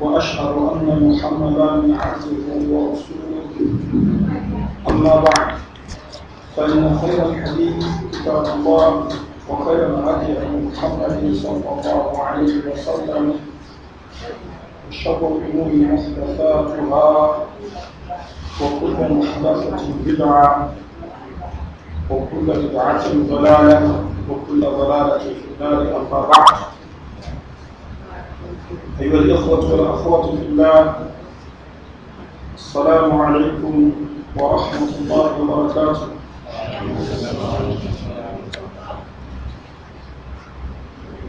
وأشهد أن محمدا عبده ورسوله أما بعد فإن خير الحديث كتاب الله وخير الهدي محمد صلى الله عليه وسلم وشر الأمور محدثاتها وكل محدثة بدعة وكل بدعة ضلالة وكل ضلالة في النار أما بعد أيها الإخوة والأخوات في الله السلام عليكم ورحمة الله وبركاته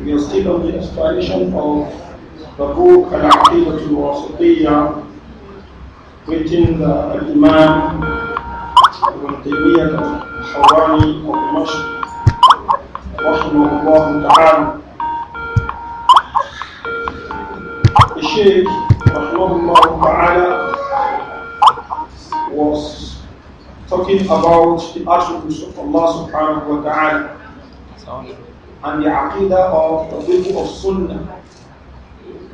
We are still on the explanation of the book Al-Aqidat al-Wasitiyya written by Imam Ibn Taymiyyah al-Hawani of Dimashq رحمه الله تعالى The Sheikh Rahmahullah Ta'ala, was talking about the attributes of Allah Subhanahu wa Ta'ala and the aqidah of the people of Sunnah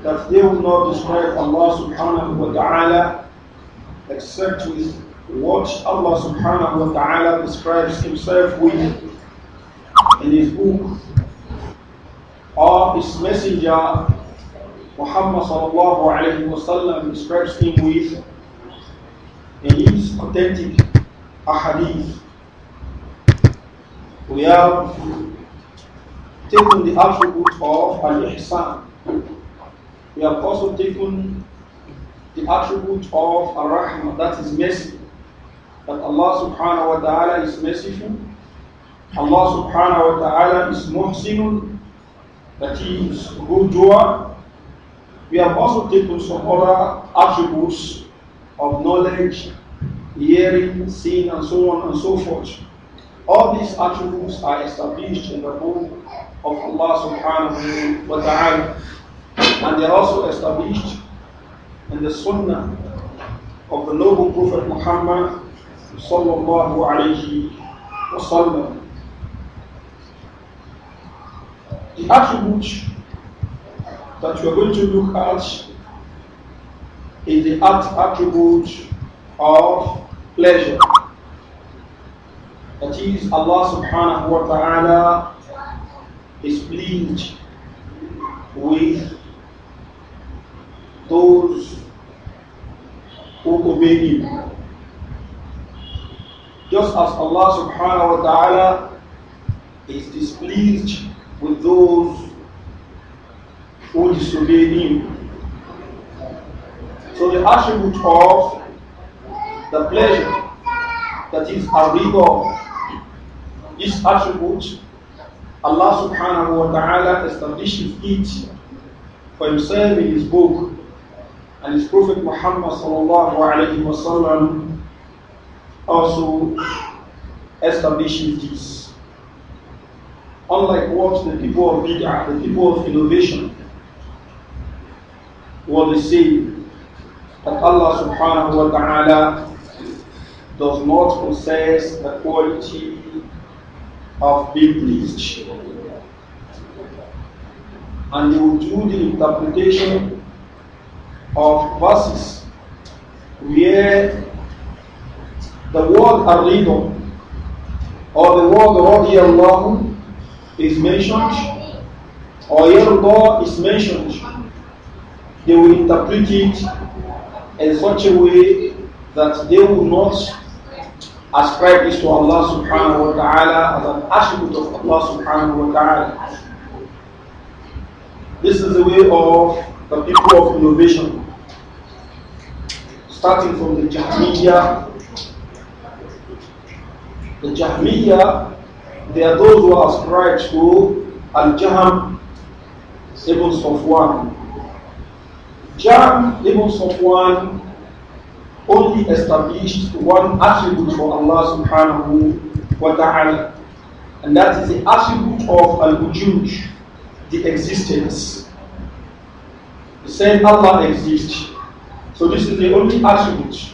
that they will not describe Allah Subhanahu wa Ta'ala except with what Allah subhanahu wa ta'ala describes himself with in his book or his messenger Muhammad sallallahu alayhi wa sallam describes him with in his authentic ahadith. We have taken the attribute of al-ihsan. We have also taken the attribute of al-Rahma, that is mercy. That Allah subhanahu wa ta'ala is merciful. Allah subhanahu wa ta'ala is muhsinun, that he is good doer. We have also taken some other attributes of knowledge, hearing, seeing, and so on and so forth. All these attributes are established in the book of Allah subhanahu wa ta'ala. And they are also established in the sunnah of the noble Prophet Muhammad sallallahu alayhi wa sallam. The attributes that we are going to look at is the attribute of pleasure. That is, Allah subhanahu wa ta'ala is pleased with those who obey Him. Just as Allah subhanahu wa ta'ala is displeased with those who disobey him. So the attribute of the pleasure that is a rigor, this attribute, Allah subhanahu wa ta'ala establishes it for himself in his book and his Prophet Muhammad sallallahu alayhi wa sallam also establishes this. Unlike what the people of bid'ah, the people of innovation, will they say that Allah subhanahu wa ta'ala does not possess the quality of being pleased. And they do the interpretation of verses where the word Arrido or the word Radiallahu is mentioned or Yerda is mentioned they will interpret it in such a way that they will not ascribe this to Allah subhanahu wa ta'ala as an attribute of Allah subhanahu wa ta'ala. This is the way of the people of innovation, starting from the Jahmiyyah. The Jahmiyyah, they are those who are ascribed to Al-Jaham, Ibn one. Jam ibn Safwan only established one attribute for Allah subhanahu wa ta'ala, and that is the attribute of al wujud the existence. The same Allah exists. So this is the only attribute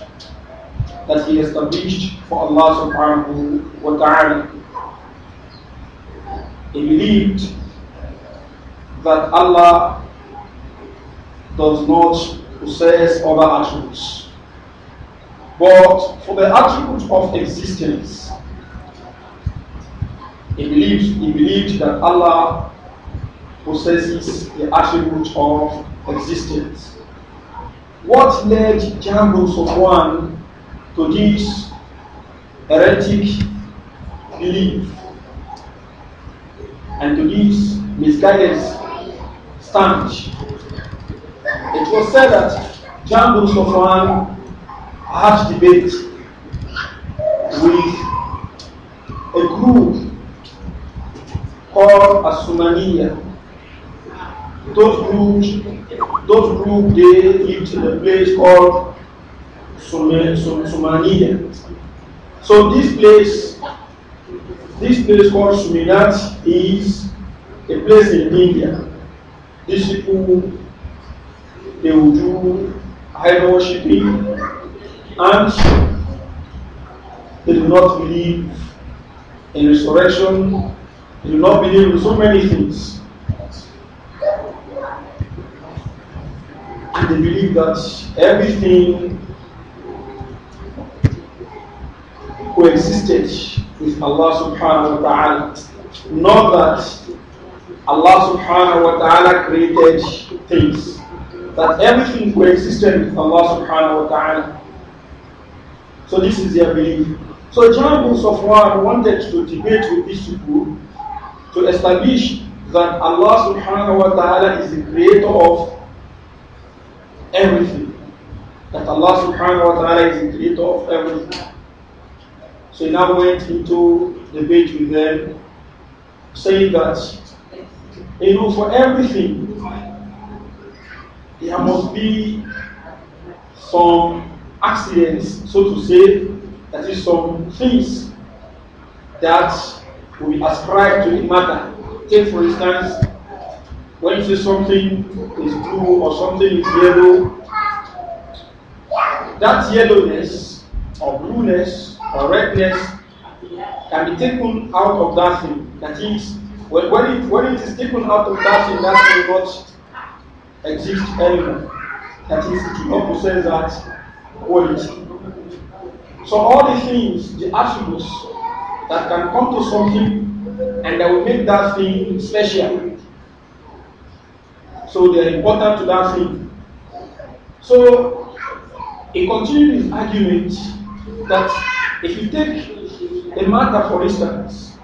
that he established for Allah subhanahu wa ta'ala. He believed that Allah does not possess other attributes. But for the attribute of existence, he believed, he believed that Allah possesses the attribute of existence. What led Jango Sofwan to this heretic belief and to this misguided stance it was said that John bin had debate with a group called Asumania. Those groups, those group, they lived in a place called Sumania. So this place, this place called Suminat is a place in India. These people they will do idol worshipping, and they do not believe in resurrection, they do not believe in so many things. And they believe that everything coexisted with Allah subhanahu wa ta'ala. Not that Allah subhanahu wa ta'ala created things that everything coexisted with Allah subhanahu wa ta'ala. So this is their belief. So John bin Safwan wanted to debate with these people to establish that Allah subhanahu wa ta'ala is the creator of everything. That Allah subhanahu wa ta'ala is the creator of everything. So he now went into debate with them, saying that you know for everything there must be some accidents, so to say, that is some things that we ascribe to the matter. Take for instance, when you say something is blue or something is yellow, that yellowness or blueness or redness can be taken out of that thing. That is, when, when, it, when it is taken out of that thing, that thing not exist anymore. That is, to do that quality. So all the things, the attributes that can come to something and that will make that thing special. So they are important to that thing. So he continues his argument that if you take a matter for instance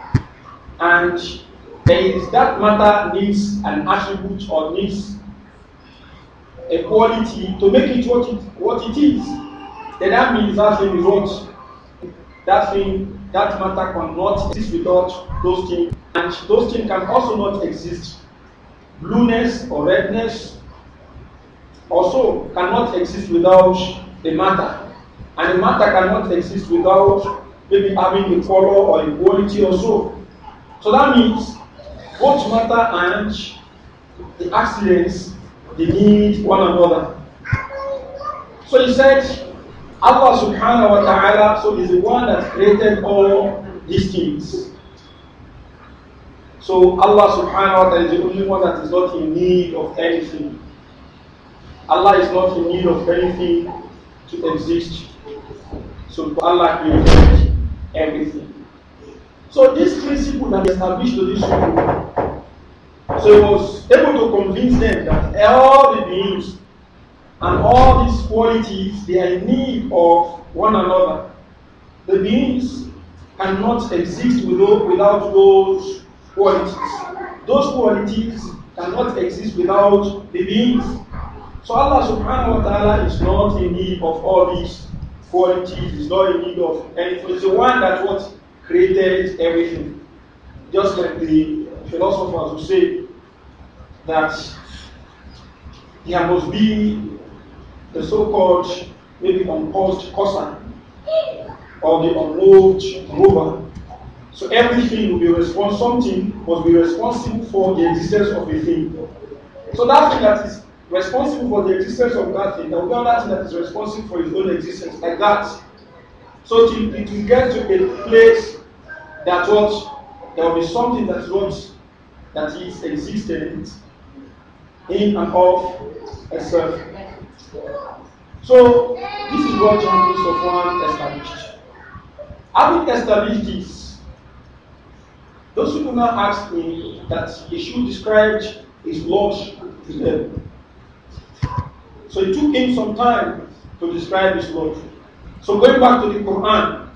and there is that matter needs an attribute or needs Equality to make it what it what it is, then that means that thing is what that thing that matter cannot exist without those things, and those things can also not exist. Blueness or redness also cannot exist without a matter, and a matter cannot exist without maybe having a color or a quality or so. So that means both matter and the accidents They need one another. So he said, Allah subhanahu wa ta'ala so is the one that created all these things. So Allah subhanahu wa ta'ala is the only one that is not in need of anything. Allah is not in need of anything to exist. So Allah created everything. So this principle that is established to this world. So he was able to convince them that all the beings and all these qualities they are in need of one another. The beings cannot exist without those qualities. Those qualities cannot exist without the beings. So Allah subhanahu wa ta'ala is not in need of all these qualities, He's not in need of anything. He's the one that what created everything. Just like the philosophers who say that there must be the so-called maybe unpaused cosa or the unmoved rover. So everything will be responsible, something must be responsible for the existence of a thing. So that thing that is responsible for the existence of that thing, there will be thing that is responsible for its own existence, like that. So it will get to a place that what there will be something that is what that is existent in and of itself. So this is what John Christopher established. Having established this, those people now ask me that he should describe his Lord to them. So it took him some time to describe his Lord. So going back to the Quran,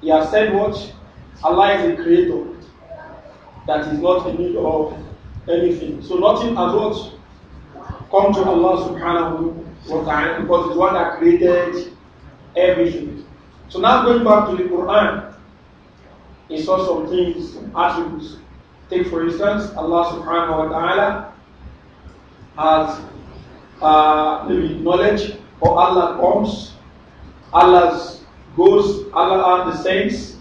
he has said what? Allah is the creator that is not in need of anything. So nothing at all come to Allah subhanahu wa ta'ala because He's one that created everything. So now going back to the Quran, he saw some things, attributes. Take for instance, Allah subhanahu wa ta'ala has uh, knowledge or Allah comes, Allah goes, Allah are the saints.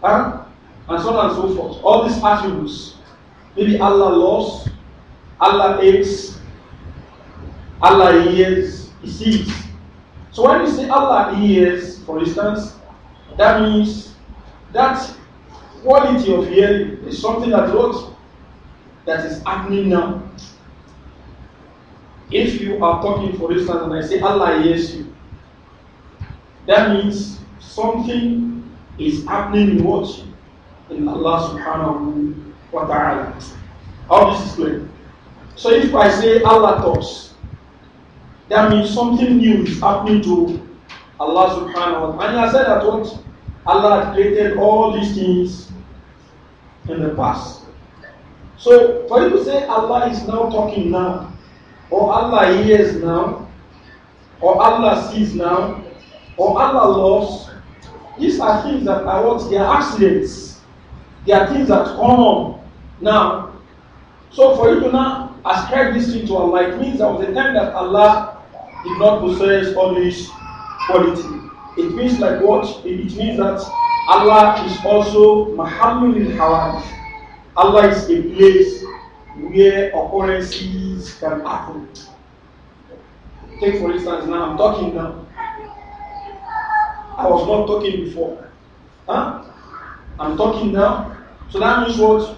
Huh? and so on and so forth. All these attributes. Maybe Allah loves, Allah hates, Allah hears, He sees. So when you say Allah hears, for instance, that means that quality of hearing is something that works, that is happening now. If you are talking, for instance, and I say Allah hears you, that means something is happening in what in Allah subhanahu wa ta'ala. How this is clear. So if I say Allah talks, that means something new is happening to Allah subhanahu wa ta'ala. And I said that what? Allah created all these things in the past. So for you to say Allah is now talking now, or Allah hears now, or Allah sees now, or Allah loves, these are things that are what? They are accidents. There are things that come on now. So for you to now ascribe this thing to Allah, it means that was a time that Allah did not possess all this quality. It means like what? It means that Allah is also Muhammadul Hawaj. Allah is a place where occurrences can happen. Take for instance, now I'm talking now. I was not talking before. Huh? I'm talking now. So that means what?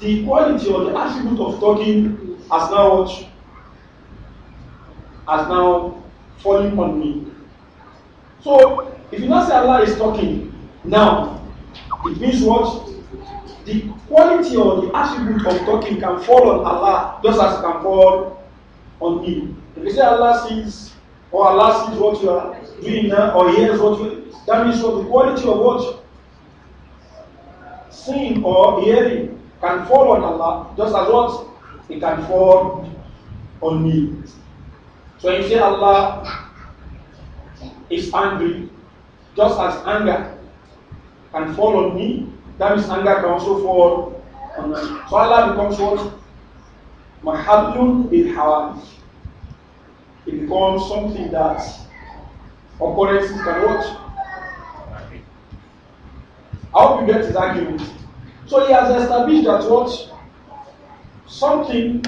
The quality or the attribute of talking has now what? Has now fallen on me. So if you now say Allah is talking now, it means what? The quality or the attribute of talking can fall on Allah just as it can fall on me. If you say Allah sees or Allah sees what you are doing now or hears what you That means what the quality of what? Sin or hearing can fall on Allah just as what? It can fall on me. So you say Allah is angry, just as anger can fall on me, that means anger can also fall on me. So Allah becomes what? Mahallun bil hawali. It becomes something that occurrences can what? I hope you get his argument. So he has established that what something,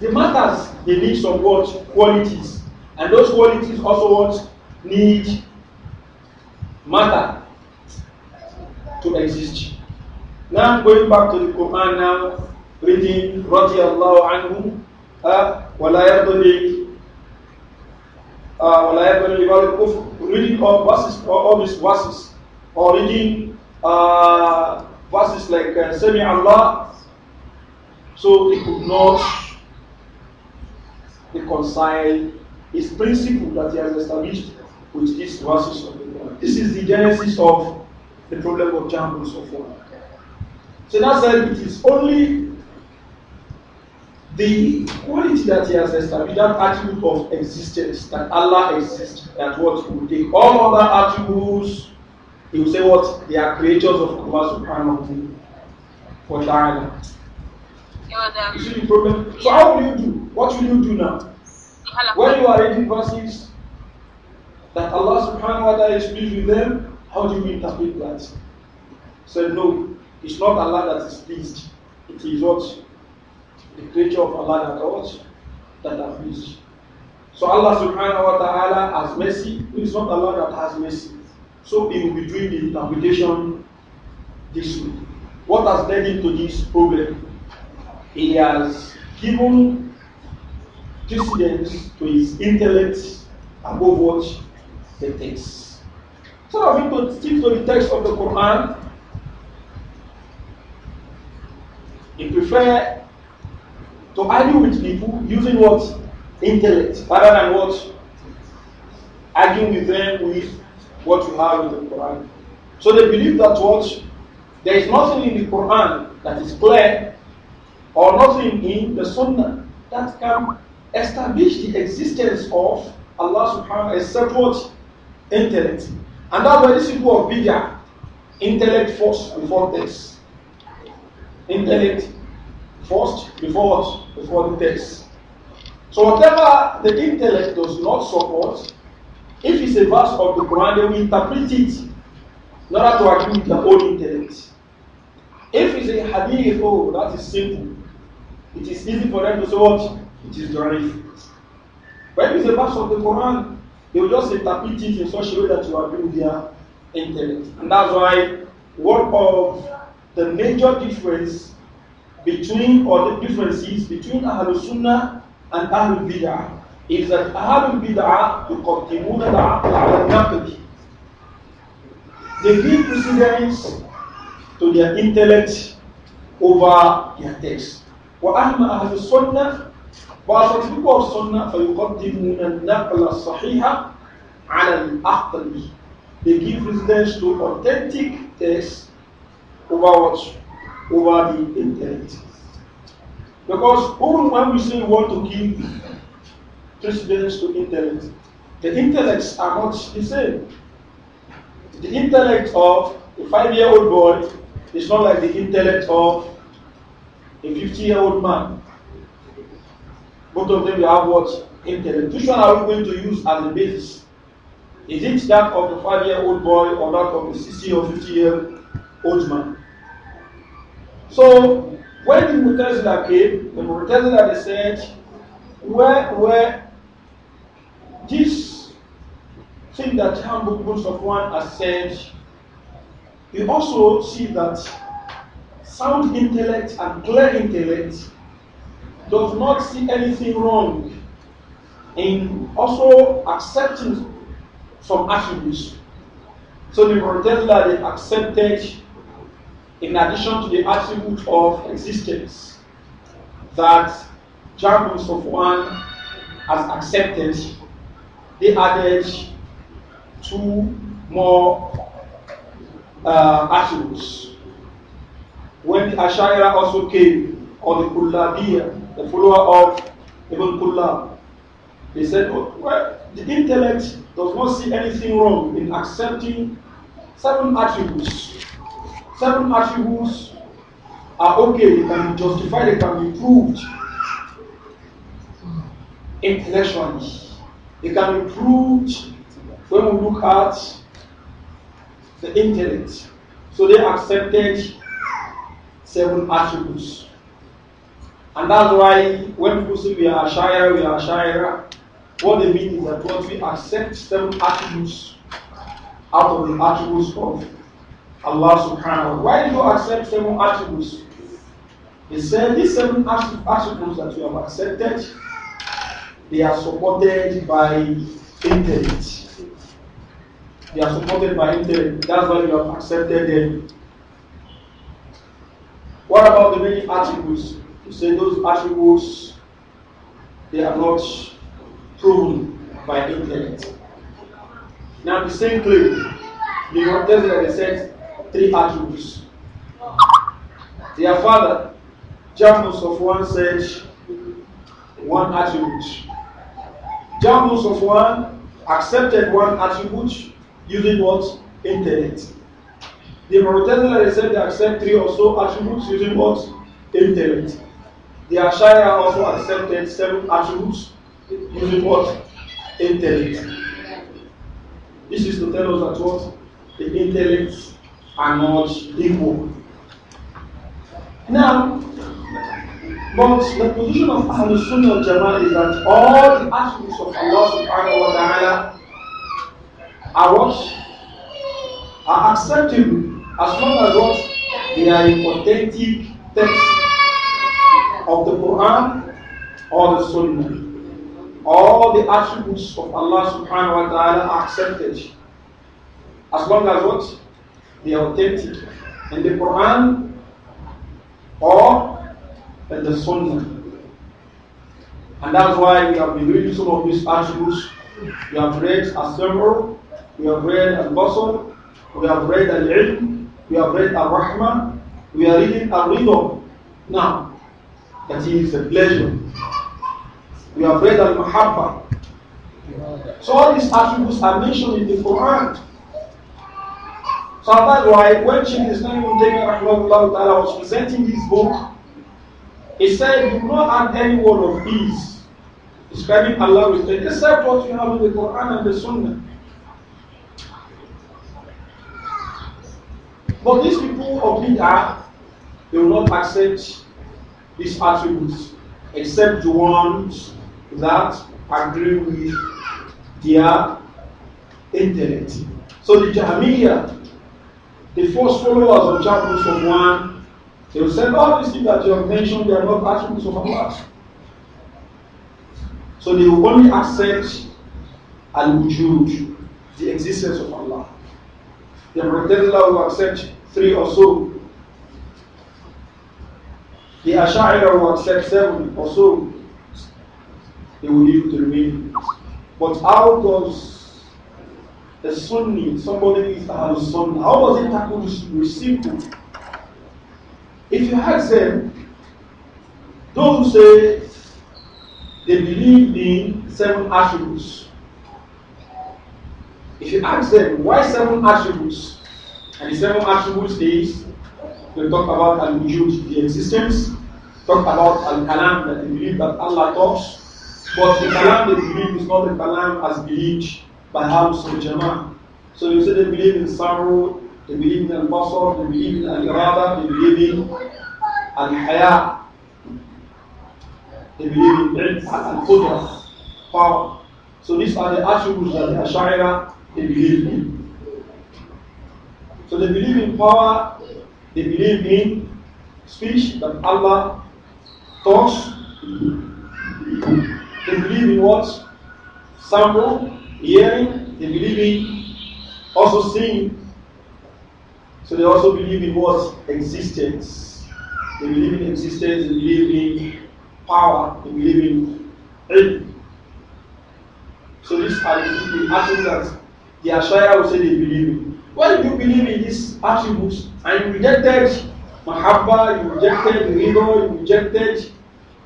the matters, they need some what qualities, and those qualities also what need matter to exist. Now going back to the Quran now, reading رضي الله عنه uh, ولا يبني uh, ولا reading all verses all these verses or reading uh, verses like uh, Sami Allah, so he could not reconcile his principle that he has established with these verses of the Quran. This is the genesis of the problem of Jambul and so forth. So that's why it is only the quality that he has established, that attribute of existence, that Allah exists, that what will take all other attributes he will say what? They are creators of Allah subhanahu wa ta'ala. You see the problem? So how will you do? What will you do now? When you are reading verses that Allah subhanahu wa ta'ala is pleased with them, how do you interpret that? So no, it's not Allah that is pleased. It is what? The creature of Allah that what? That are pleased. So Allah subhanahu wa ta'ala has mercy. It is not Allah that has mercy. So he will be doing the interpretation this way. What has led him to this problem? He has given precedence to his intellect above what the text. Instead of him to stick to the text of the Quran, he prefer to argue with people using what intellect rather than what arguing with them with what you have in the Quran. So they believe that what there is nothing in the Quran that is clear or nothing in the Sunnah that can establish the existence of Allah subhanahu wa except what? Intellect. And that why these people of Bidya, intellect first before text. Intellect first before Before the text. So whatever the intellect does not support, if it's a verse of the Quran, they will interpret it in order to agree with their own intellect. If it's a hadith, oh, that is simple. It is easy for them to say what? It is derived. But if it's a verse of the Quran, they will just interpret it in such a way that you agree with their intellect. And that's why one of the major difference between or the differences between Ahlul Sunnah and Ahlul Bid'ah إذا أهل البدعة يقدمون العقل على النقد. They give precedence to their intellect over their text. وأما أهل السنة بعض السنة فيقدمون النقل الصحيح على العقل. They give precedence to authentic text over what? Over the intellect. Because when we say we want to give precedence to intellect. The intellects are not the same. The intellect of a five year old boy is not like the intellect of a 50 year old man. Both of them have what? Intellect. Which one are we going to use as a basis? Is it that of the five year old boy or that of the 60 or 50 year old man? So, when the Mutazila came, the Mutazila they said, where, where this thing that Hamburg of one has said, we also see that sound intellect and clear intellect does not see anything wrong in also accepting some attributes. So the Rotella they accepted in addition to the attribute of existence that Jabun One has accepted they added two more uh, attributes. When the Ashaira also came, or the Kullabiyya, the follower of Ibn Kullab, they said, oh, well, the intellect does not see anything wrong in accepting certain attributes. Certain attributes are okay, they can be justified, they can be proved intellectually. They can be proved when we look at the intellect. So they accepted seven attributes. And that's why when people say we are Ashira, we are Ashira, what they mean is that what we accept seven attributes out of the attributes of Allah subhanahu wa ta'ala. Why do you accept seven attributes? They said these seven attributes that you have accepted They are supported by internet. They are supported by internet. That's why you have accepted them. What about the many attributes? You say those attributes, they are not proven by internet. Now the same claim, the contest that they said three attributes. Their father, Jamus of one said one attribute. Jamus of one accepted one attribute using what? Intellect. The Mu'tazila said they accept three or so attributes using what? Intellect. The Ashaya also accepted seven attributes using what? Intellect. This is to tell us that what? The intellects are not equal. Now, But the position of Sunni Sunnah Jamal is that all the attributes of Allah subhanahu wa ta'ala are what? Are acceptable as long as what? They are in authentic text of the Quran or the Sunnah. All the attributes of Allah subhanahu wa ta'ala are accepted as long as what? They are authentic in the Quran or and the Sunnah. And that's why we have been reading some of these attributes. We have read As-Samr, we have read Al-Basr, we have read Al-Ilm, we have read Al-Rahman, we are reading Al-Ridha now. That is a pleasure. We have read Al-Mahabba. So all these attributes are mentioned in the Quran. So that's why when Sheikh Islam Ibn Taymiyyah was presenting this book, He said, Do not add any word of these, describing Allah with it, except what you have in the Quran and the Sunnah. But these people of Bid'ah, they will not accept these attributes, except the ones that agree with their intellect. So the Jahmiyyah, the first followers of Jahmiyyah from one They will send all oh, these things that you have mentioned, they are not attributes of Allah. So they will only accept al wujud the existence of Allah. The Mu'tazila will accept three or so. The Ash'ari will accept seven or so. They will leave to remain. But how does a Sunni, somebody who is a Sunni, how does it tackle this simple? If you ask them, those who say they believe in seven attributes, if you ask them why seven attributes, and the seven attributes is we talk about al wujud the existence, talk about al kalam that they believe that Allah talks, but the kalam they believe is not the kalam as believed by House of Jama'ah. So you say they believe in sorrow, they believe in Al Basar, they believe in Al Irada, they believe in Al Haya, they believe in Al Qudra, power. So these are the attributes that the Ash'ari they believe in. So they believe in power, they believe in speech that Allah talks, they believe in what? Sample, hearing, they believe in also seeing so they also believe in what? Existence. They believe in existence, they believe in power, they believe in ilm. So these are the, attributes that the Ashaya will say they believe in. Why do you believe in these attributes and you rejected Mahabba, you rejected Rido, you rejected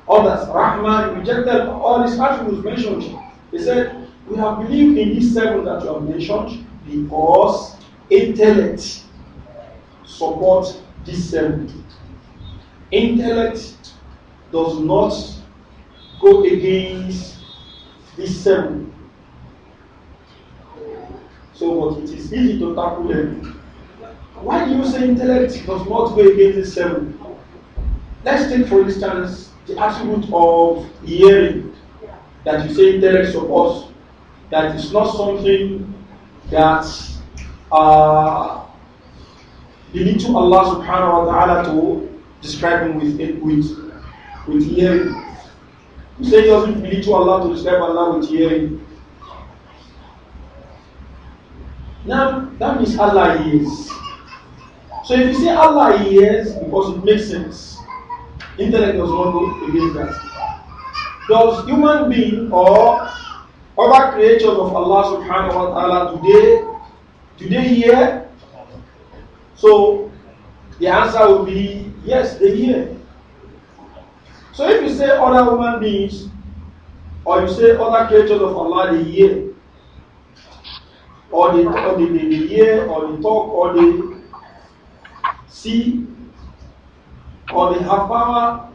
others, Rahman, you rejected all these attributes mentioned. He said, We have believed in these seven that you have mentioned because intellect support this 70. Intellect does not go against this 70. So, but it is easy to tackle them. Why do you say intellect does not go against this 70? Let's take, for instance, the attribute of hearing that you say intellect supports, that is not something that uh, You need to Allah subhanahu wa ta'ala to describe him with with with hearing. You say you doesn't need to Allah to describe Allah with hearing. Now that means Allah is. So if you say Allah is, because it makes sense, intellect does not go against that. Does human being or other creatures of Allah subhanahu wa ta'ala today today here, hear So the answer will be yes, they hear. So if you say other human beings, or you say other creatures of Allah, they hear, or they, or they, they, they hear, or they talk, or they see, or they have power,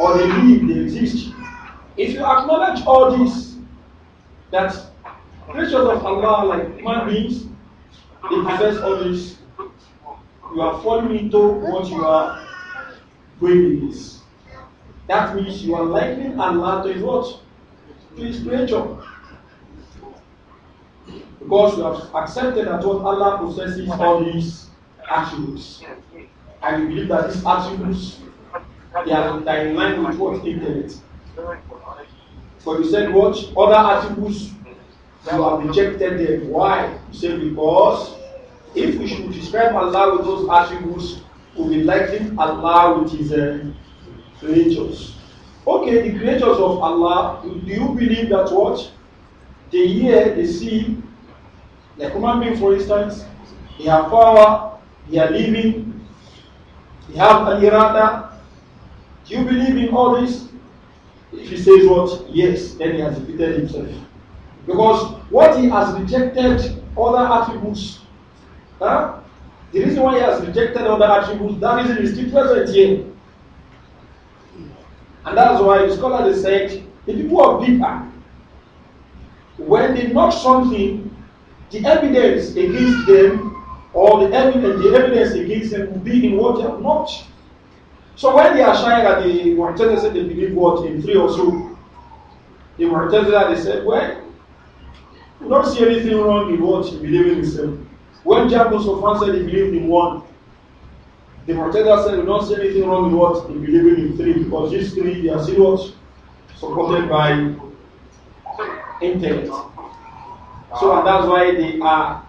or they live, they exist. If you acknowledge all this, that creatures of Allah, like human beings, they possess all these you are falling into what you are doing is. That means you are likening and matter his what? To his creature. Because you have accepted that what Allah possesses all these attributes. And you believe that these attributes they are in line with what intellect. But you said what? Other attributes you have rejected them. Why? You say because If we should describe Allah with those attributes, we'll be Allah with His uh, creatures. Okay, the creators of Allah, do you believe that what? They hear, they see, like human being, for instance, they have power, they are living, they have an irada. Do you believe in all this? If he says what? Yes, then he has defeated himself. Because what he has rejected, other attributes, Huh? The reason why he has rejected other attributes, that reason is still present here. And that's why the scholar they said the people of Bid'ah, when they knock something, the evidence against them or the evidence, the evidence against them will be in what they have not. So when they are shying at the Mu'tazila said they believe what in three or so, the Mu'tazila they said, well, we don't see anything wrong in what you believe in itself. When Jacob Sofan said he believed in one, the protector said, We don't see anything wrong with what? In believing in three, because these three, they are still Supported by intellect. So, and that's why they are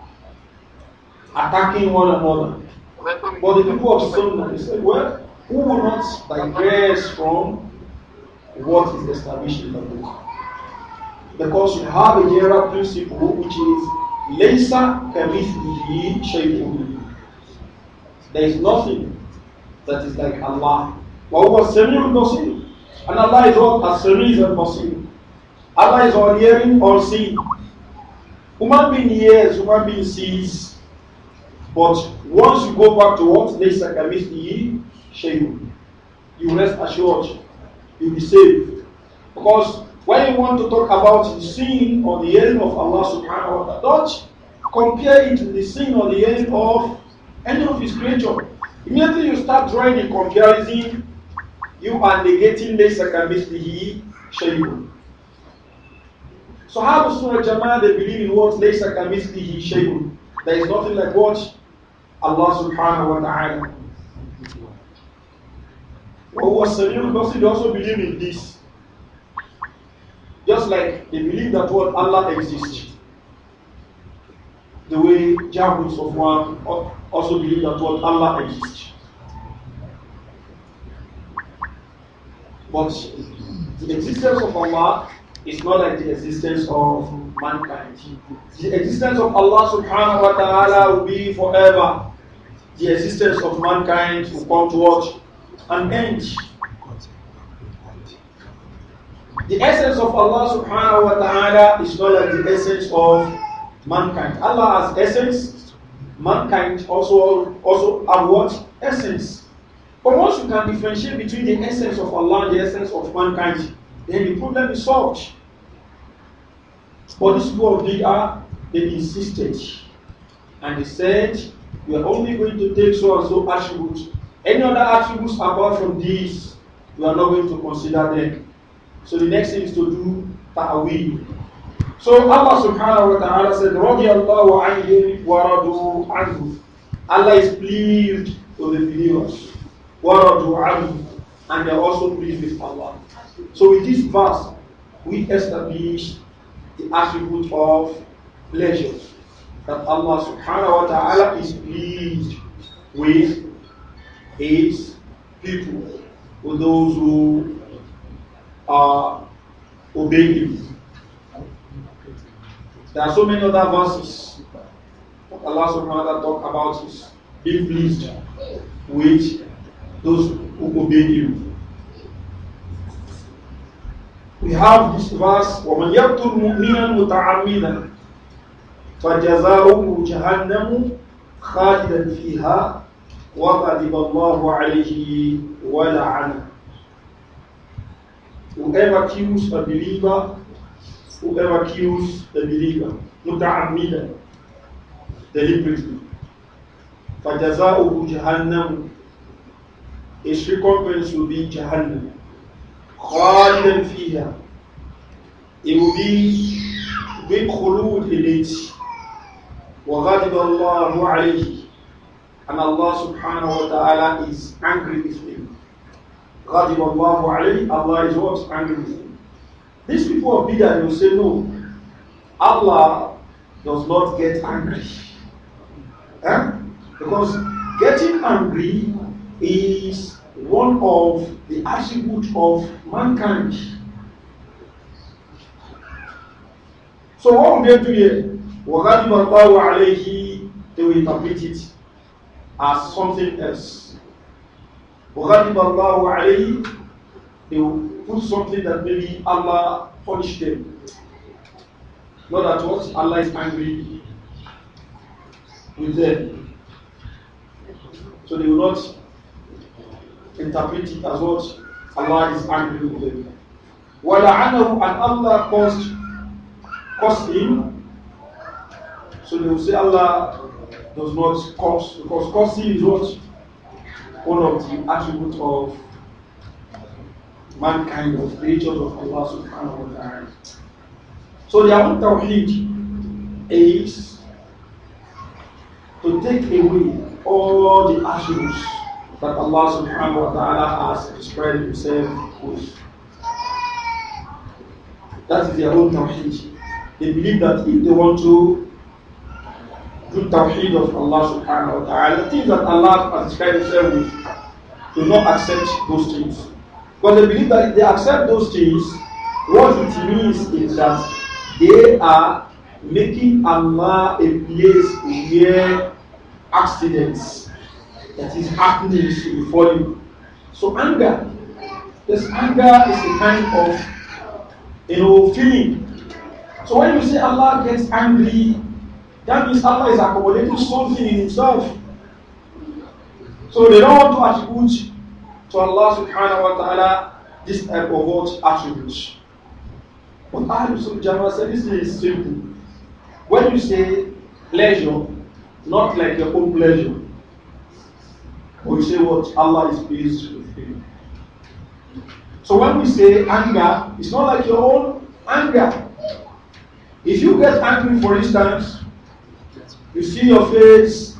attacking one another. But the people of Sunnah, they said, Well, who will not digress from what is established in the book? Because you have a general principle which is There is nothing that is like Allah. وَهُوَ السَّمِيعُ الْبَصِيرُ And Allah is all as-sami' al-basir. Allah is all hearing, all seeing. Human being hears, human being sees. But once you go back to what can Kamithlihi Shayun, you rest assured, you'll be saved. Because when you want to talk about the sin or the end of Allah subhanahu wa ta'ala, don't compare it to the sin or the end of any of his creature. Immediately you start drawing a comparison, you are negating Laysa Kamithlihi Shayun. So how does Surah Jama'ah they believe in what Laysa Kamithlihi Shayun? There is nothing like what? Allah subhanahu wa ta'ala. What was Sayyid Basri also believe in this? Just like they believe that what Allah exists. The way Jahus of one also believe that what Allah exists. But the existence of Allah is not like the existence of mankind. The existence of Allah subhanahu wa ta'ala will be forever. The existence of mankind will come to what? An end. The essence of Allah subhanahu wa ta'ala is not like the essence of mankind. Allah has essence, mankind also also have what? Essence. But once you can differentiate between the essence of Allah and the essence of mankind, then the problem is solved. But this people of Bid'ah, they insisted. And they said, we are only going to take so and so attributes. Any other attributes apart from these, we are not going to consider them. So the next thing is to do ta'wil. So Allah subhanahu wa ta'ala said, Radiallahu anhum wa radu anhu. Allah is pleased with the believers. Wa radu anhu. And they are also pleased with Allah. So with this verse, we establish the attribute of pleasure. That Allah subhanahu wa ta'ala is pleased with his people, with those who uh, obey him. There are so many other verses that Allah subhanahu wa ta'ala talk about is being pleased with those who obey you. We have this verse, وَمَنْ يَقْتُلْ مُؤْمِنًا مُتَعَمِّدًا فَجَزَاؤُهُ جَهَنَّمُ خَالِدًا فِيهَا وَغَضِبَ اللَّهُ عَلَيْهِ وَلَعَنَهُ Whoever kills a believer, whoever kills a believer, muta'ammidan, deliberately, فَجَزَاؤُهُ جَهَنَّمُ His recompense will be Jahannam. خَالِدًا فِيهَا It will be with khulud in it. وَغَضِبَ اللَّهُ عَلَيْهِ And Allah subhanahu wa ta'ala is angry with him. غضب الله عليه, Allah is what? Angry with him. These people of Bida, they will say, no, Allah does not get angry. Eh? Because getting angry is one of the attributes of mankind. So what would they do here? وَغَضِبَ اللَّهُ عَلَيْهِ They will interpret it as something else. غضب الله عليه, they will put something that maybe Allah punish them. Not at what Allah is angry with them. So they will not interpret it as what Allah is angry with them. وَلَعَنَهُ and Allah caused, caused him. So they will say Allah does not cause, because causing is what? one of the attributes of mankind, of creatures of Allah subhanahu wa ta'ala. So the Abu Tawheed is to take away all the attributes that Allah subhanahu wa ta'ala has described himself with. That is their own Tawheed. They believe that if they want to do tawheed of Allah subhanahu wa ta'ala, the things that Allah has described himself with, do not accept those things. But they believe that if they accept those things, what it means is that they are making Allah a place where accidents that is happening before you. So anger, this anger is a kind of you know feeling. So when you say Allah gets angry, That means Allah is accommodating something in Himself. So they don't want to attribute to Allah subhanahu wa ta'ala this type of what attribute. But Ahlul Jama said this is simple. When you say pleasure, not like your own pleasure, we say what Allah is pleased with you. So when we say anger, it's not like your own anger. If you get angry, for instance, You see your face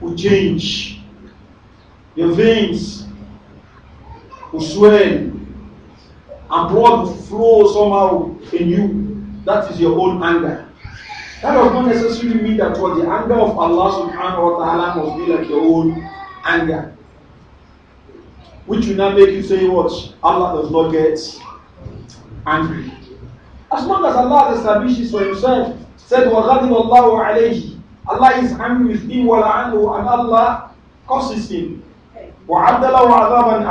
will change. Your veins will swell. And blood will flow somehow in you. That is your own anger. That does not necessarily mean that what the anger of Allah subhanahu wa ta'ala must be like your own anger. Which will not make you say what? Allah does not get angry. As long as Allah establishes for himself, said, وَغَضِبَ اللَّهُ عَلَيْهِ Allah is angry with him anhu, and Allah causes him. And Allah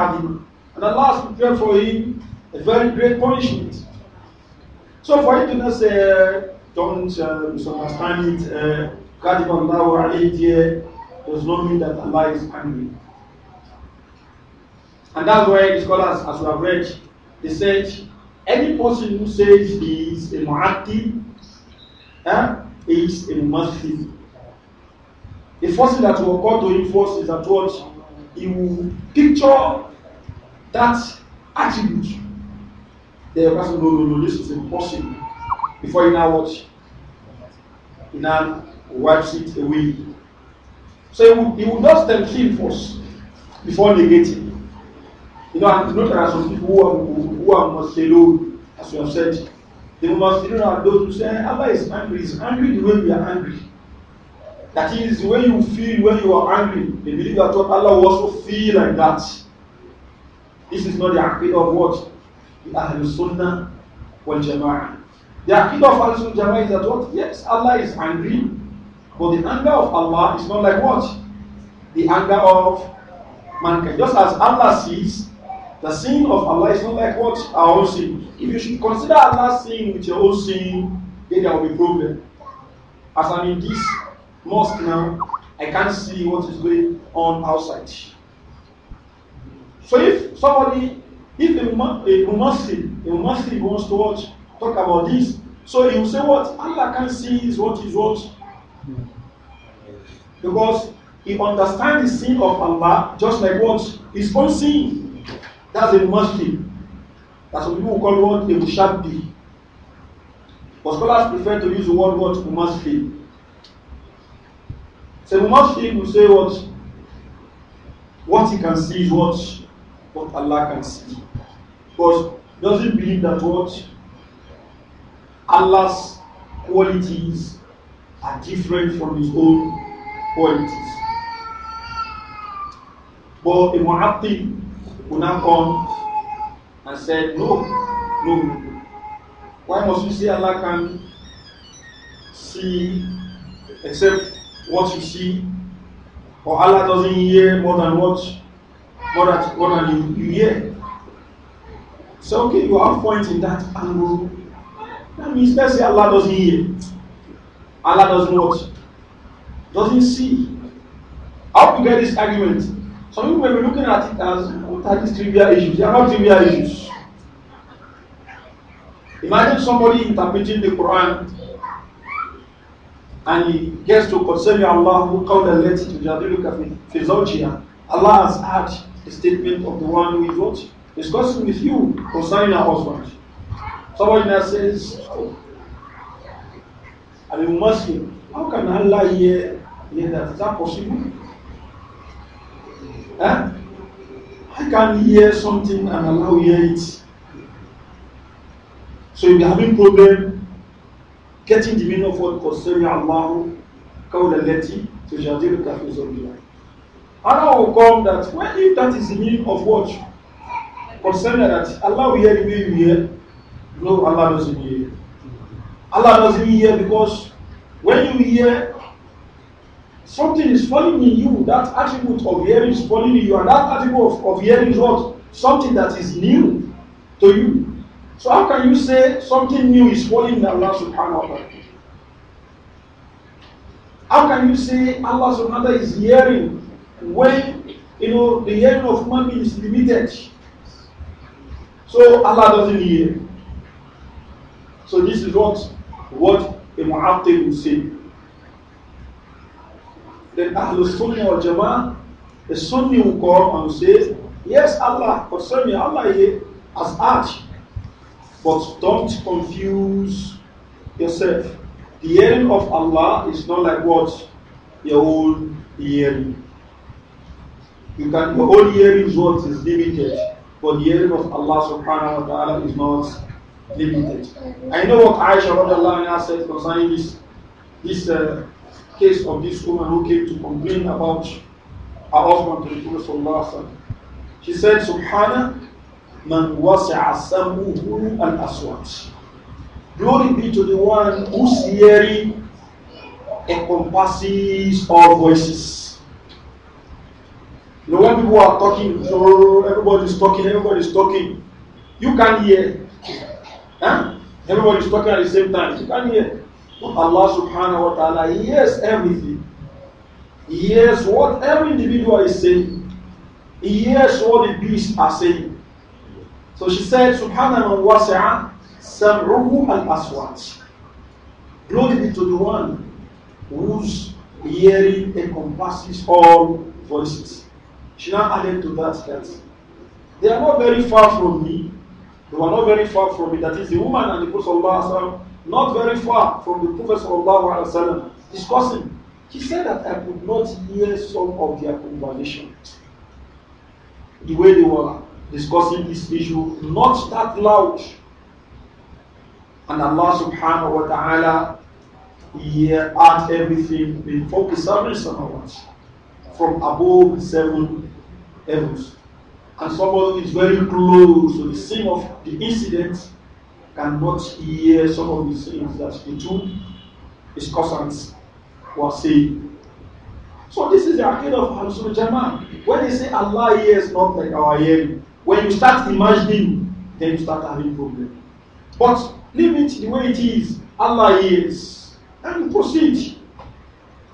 has prepared for him a very great punishment. So for you to not say, don't uh, misunderstand it, here uh, does not mean that Allah is angry. And that's why the scholars, as we have read, they said, any person who says he is a mu'atti, eh, is a muslim. The first thing that will occur to him first is that what he will picture that attribute. The person, no, no, no, this is impossible. Before he now what? He now wipes it away. So he will, he will not tempt him first before negating. You know, and note there are some people who are, who are Muslim, as we have said. The Muslim are those who say, "Abba is angry, is angry the way we are angry. That is, when you feel when you are angry, they believe that Allah will also feel like that. This is not the aqidah of what? The Ahlul Sunnah wal Jama'ah. The aqidah of Ahlul Sunnah Jama'ah is that what? Yes, Allah is angry, but the anger of Allah is not like what? The anger of mankind. Just as Allah sees, the sin of Allah is not like what? Our own sin. If you should consider Allah's sin with your own sin, then there will be problem. As I mean, this mosque now, I can't see what is going on outside. So if somebody, if a, a Muslim, a Muslim wants to watch, talk about this, so he will say what Allah can see is what is what. Because he understands the sin of Allah just like what? His own sin. That's a Muslim. That's what people call what? A Mushabbi. But scholars prefer to use the word what? Muslim. So most must we say what what he can see is what what Allah can see. but doesn't believe that what Allah's qualities are different from his own qualities. But a Mu'atti will now come and said, No, no. Why must we say Allah can see except what you see, or Allah doesn't hear more than what more than, more than you, you hear. So okay, you have point in that angle. That means let's say Allah doesn't hear. Allah doesn't what? Doesn't see. How do you get this argument? Some people may be looking at it as what are these trivial issues? They are not trivial issues. Imagine somebody interpreting the Quran and he gets to Qasami Allah who called a lady to Jadiluka Fizawjiya, Allah has heard the statement of the one who is what? Discussing with you concerning her husband. Somebody now says, oh, I'm a Muslim. How can Allah hear, hear that? Is that possible? Huh? I can hear something and Allah hear it. So if you're having problem getting the meaning of what concerning Allah, Kaudaleti, to Jadir Kafizullah. Allah will come that when if that is the meaning of what concerning that Allah will hear the way you hear, no, Allah doesn't hear. Allah doesn't hear because when you hear something is falling in you, that attribute of hearing is falling in you, and that attribute of, of hearing is what? Something that is new to you. So how can you say something new is falling in Allah subhanahu wa ta'ala? How can you say Allah subhanahu wa ta'ala is hearing when you know the hearing of human being is limited? So Allah doesn't hear. So this is what what a mu'attil will say. Then Ahlul Sunni wal Jama'ah, the Sunni will come and say, Yes, Allah, concerning Allah, He has asked But don't confuse yourself. The hearing of Allah is not like what? Your own hearing. You can your own hearing is what is limited, but the hearing of Allah subhanahu wa ta'ala is not limited. I know what Aisha anha said concerning this this uh, case of this woman who came to complain about her husband to the Prophet. She said, Subhana man wasi'a sam'uhu al-aswat. Glory be to the one whose hearing encompasses all voices. You know, when people are talking, so everybody's talking, everybody's talking. You can hear. Huh? Everybody's talking at the same time. You can hear. Allah subhanahu wa ta'ala hears everything. He hears what every individual is saying. He hears what the beasts are saying. So she said, "Subhanahu wa sam'uhu al-aswat. Glory be to the one whose hearing encompasses all voices. She now added to that that they are not very far from me. They were not very far from me. That is the woman and the Prophet Sallallahu not very far from the Prophet Sallallahu Alaihi Wasallam discussing. She said that I could not hear some of their conversation. The way they were discussing this issue, not that loud. And Allah subhanahu wa ta'ala he had uh, everything in focus seven samawats from above seven heavens. And someone is very close to the scene of the incident cannot hear some of the things that the two discussants were saying. So this is the aqidah of Al-Sul When they say Allah hears not like our hearing, When you start imagining, then you start having problem. But leave it the way it is. Allah hears. And proceed.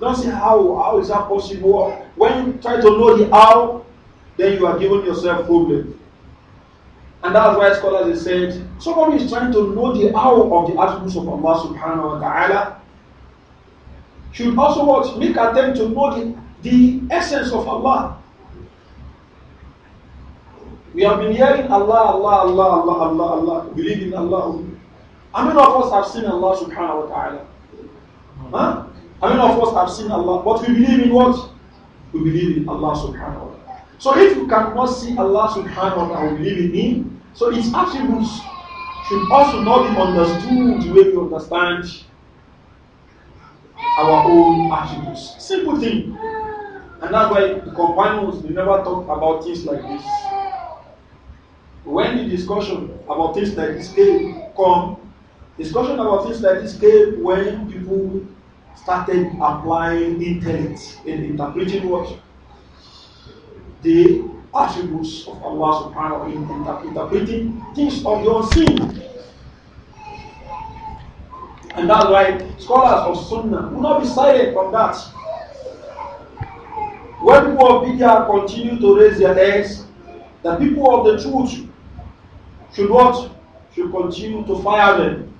Don't say how, how is that possible? When you try to know the how, then you are giving yourself problem. And that's why scholars have said somebody is trying to know the how of the attributes of Allah subhanahu wa ta'ala should also what make attempt to know the, the essence of Allah. We have been hearing Allah, Allah, Allah, Allah, Allah, Allah, believe in Allah. How many of us have seen Allah subhanahu wa ta'ala? Huh? How many of us have seen Allah? But we believe in what? We believe in Allah subhanahu wa ta'ala. So if you cannot see Allah subhanahu wa ta'ala, believe in Him, so His attributes should also not be understood the way we understand our own attributes. Simple thing. And that's why the companions, they never talk about things like this when the discussion about things like this came come, discussion about things like this came when people started applying intellect and interpreting what the attributes of Allah subhanahu wa in interpreting things of the unseen. And that's why scholars of Sunnah will not be silent on that. When people of Bidya continue to raise their heads, the people of the truth should what? Should continue to fire them.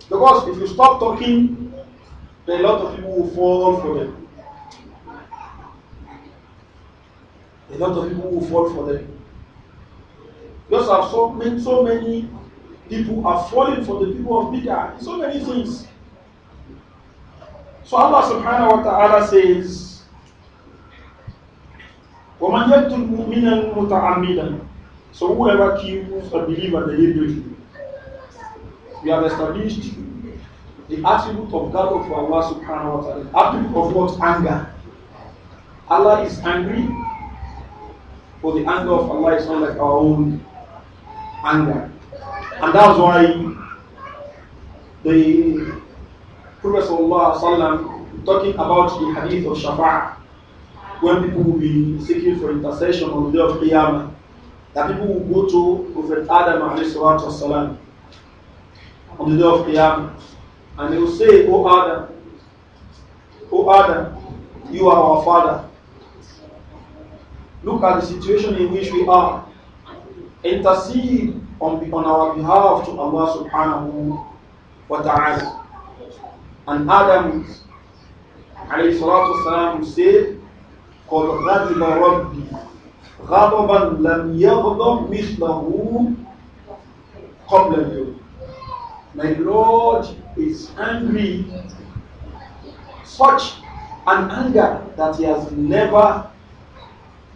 Because if you stop talking, then a lot of people will fall for them. A lot of people will fall for them. Just have so many, so many people are falling for the people of Bid'ah. So many things. So Allah subhanahu wa ta'ala says, وَمَنْ يَقْتُلْ مُؤْمِنًا مُتَعَمِّدًا so whoever kills a believer deliberately, we have established the attribute of God of Allah subhanahu wa ta'ala. Attribute of what? Anger. Allah is angry, for the anger of Allah is not like our own anger. And that's why the Prophet ﷺ talking about the hadith of Shafa'ah, when people will be seeking for intercession on the day of Qiyamah. that people will go to Prophet Adam والسلام, on the day of Qiyamah and they will say, "O Adam, O Adam, you are our father. Look at the situation in which we are. Intercede on, on our behalf to Allah subhanahu wa ta'ala. And Adam alayhi salatu wasalam will say, قَدْ غَضِبَ غضبا لم يغضب مثله قبل اليوم My Lord is angry, such an anger that he has never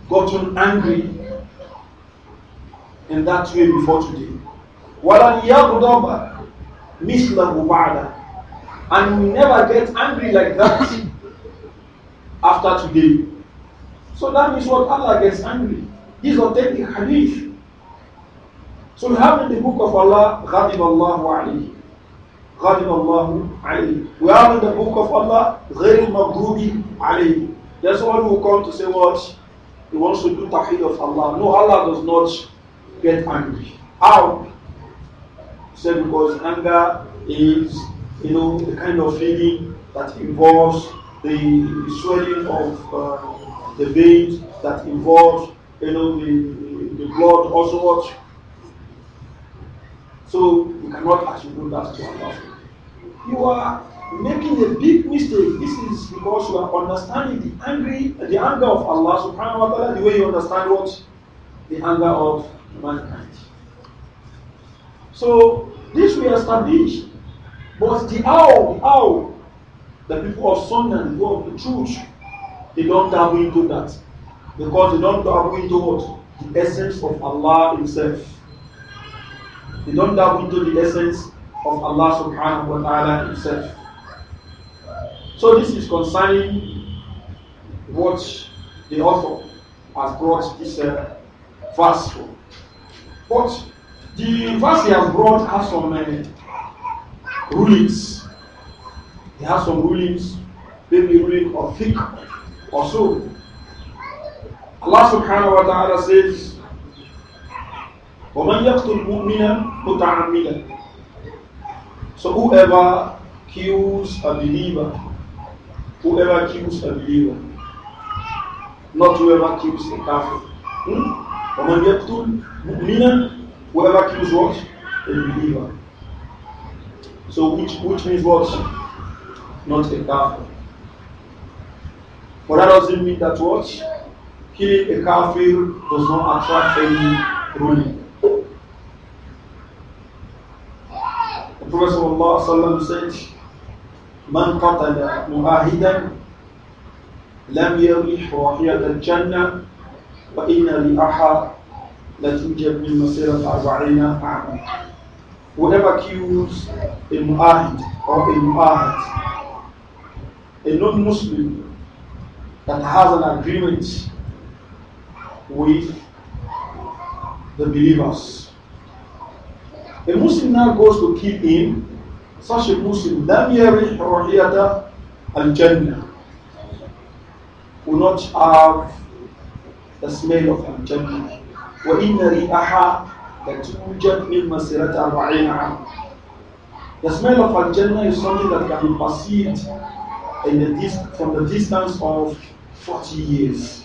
gotten angry in that way before today. وَلَنْ يَغْضَبَ مِثْلَهُ بَعْدَ And we never get angry like that after today. So that is what Allah gets angry. He's authentic hadith. So we have in the book of Allah, غَضِبَ اللَّهُ عَلَيْهِ غَضِبَ اللَّهُ عَلَيْهِ We have in the book of Allah, غَيْرِ الْمَغْضُوبِ alayhi. That's someone who come to say what? He wants to do tawheed of Allah. No, Allah does not get angry. How? He said because anger is, you know, the kind of feeling that involves the swelling of uh, the veins that involve you know the, the blood also what so you cannot attribute that to Allah. You are making a big mistake. This is because you are understanding the angry the anger of Allah subhanahu wa ta'ala the way you understand what? The anger of mankind. So this we establish, but the how, the how the people of Sunnah, the people of the truth, They don't dabble into that. Because they don't dabble into what? The essence of Allah Himself. They don't dabble into the essence of Allah subhanahu wa ta'ala Himself. So this is concerning what the author has brought this uh, verse for. But the verse he has brought has some uh, rulings. He has some rulings, maybe ruling of fiqh, Rasul. Allah subhanahu wa ta'ala says, وَمَنْ يَقْتُلْ مُؤْمِنًا مُتَعَمِّدًا So whoever kills a believer, whoever kills a believer, not whoever kills a kafir. Hmm? وَمَنْ يَقْتُلْ مُؤْمِنًا Whoever kills what? A believer. So which, which means what? Not a kafir. But that doesn't mean that what? Killing a kafir does not attract any ruling. The Prophet ﷺ said, من قتل مؤاهدا لم يريح رائحة الجنة وإن ريحها لتوجب من مسيرة أربعين عاما. Whoever kills a mu'ahid or a mu'ahid, a non-Muslim that has an agreement with the believers. A Muslim now goes to kill him, such a Muslim, لم يرح al jannah, will not have the smell of Al-Jannah. ri'aha that لَتُوجَدْ min مَسِيرَةَ al عَامًا The smell of Al-Jannah is something that can be perceived in the from the distance of 40 years.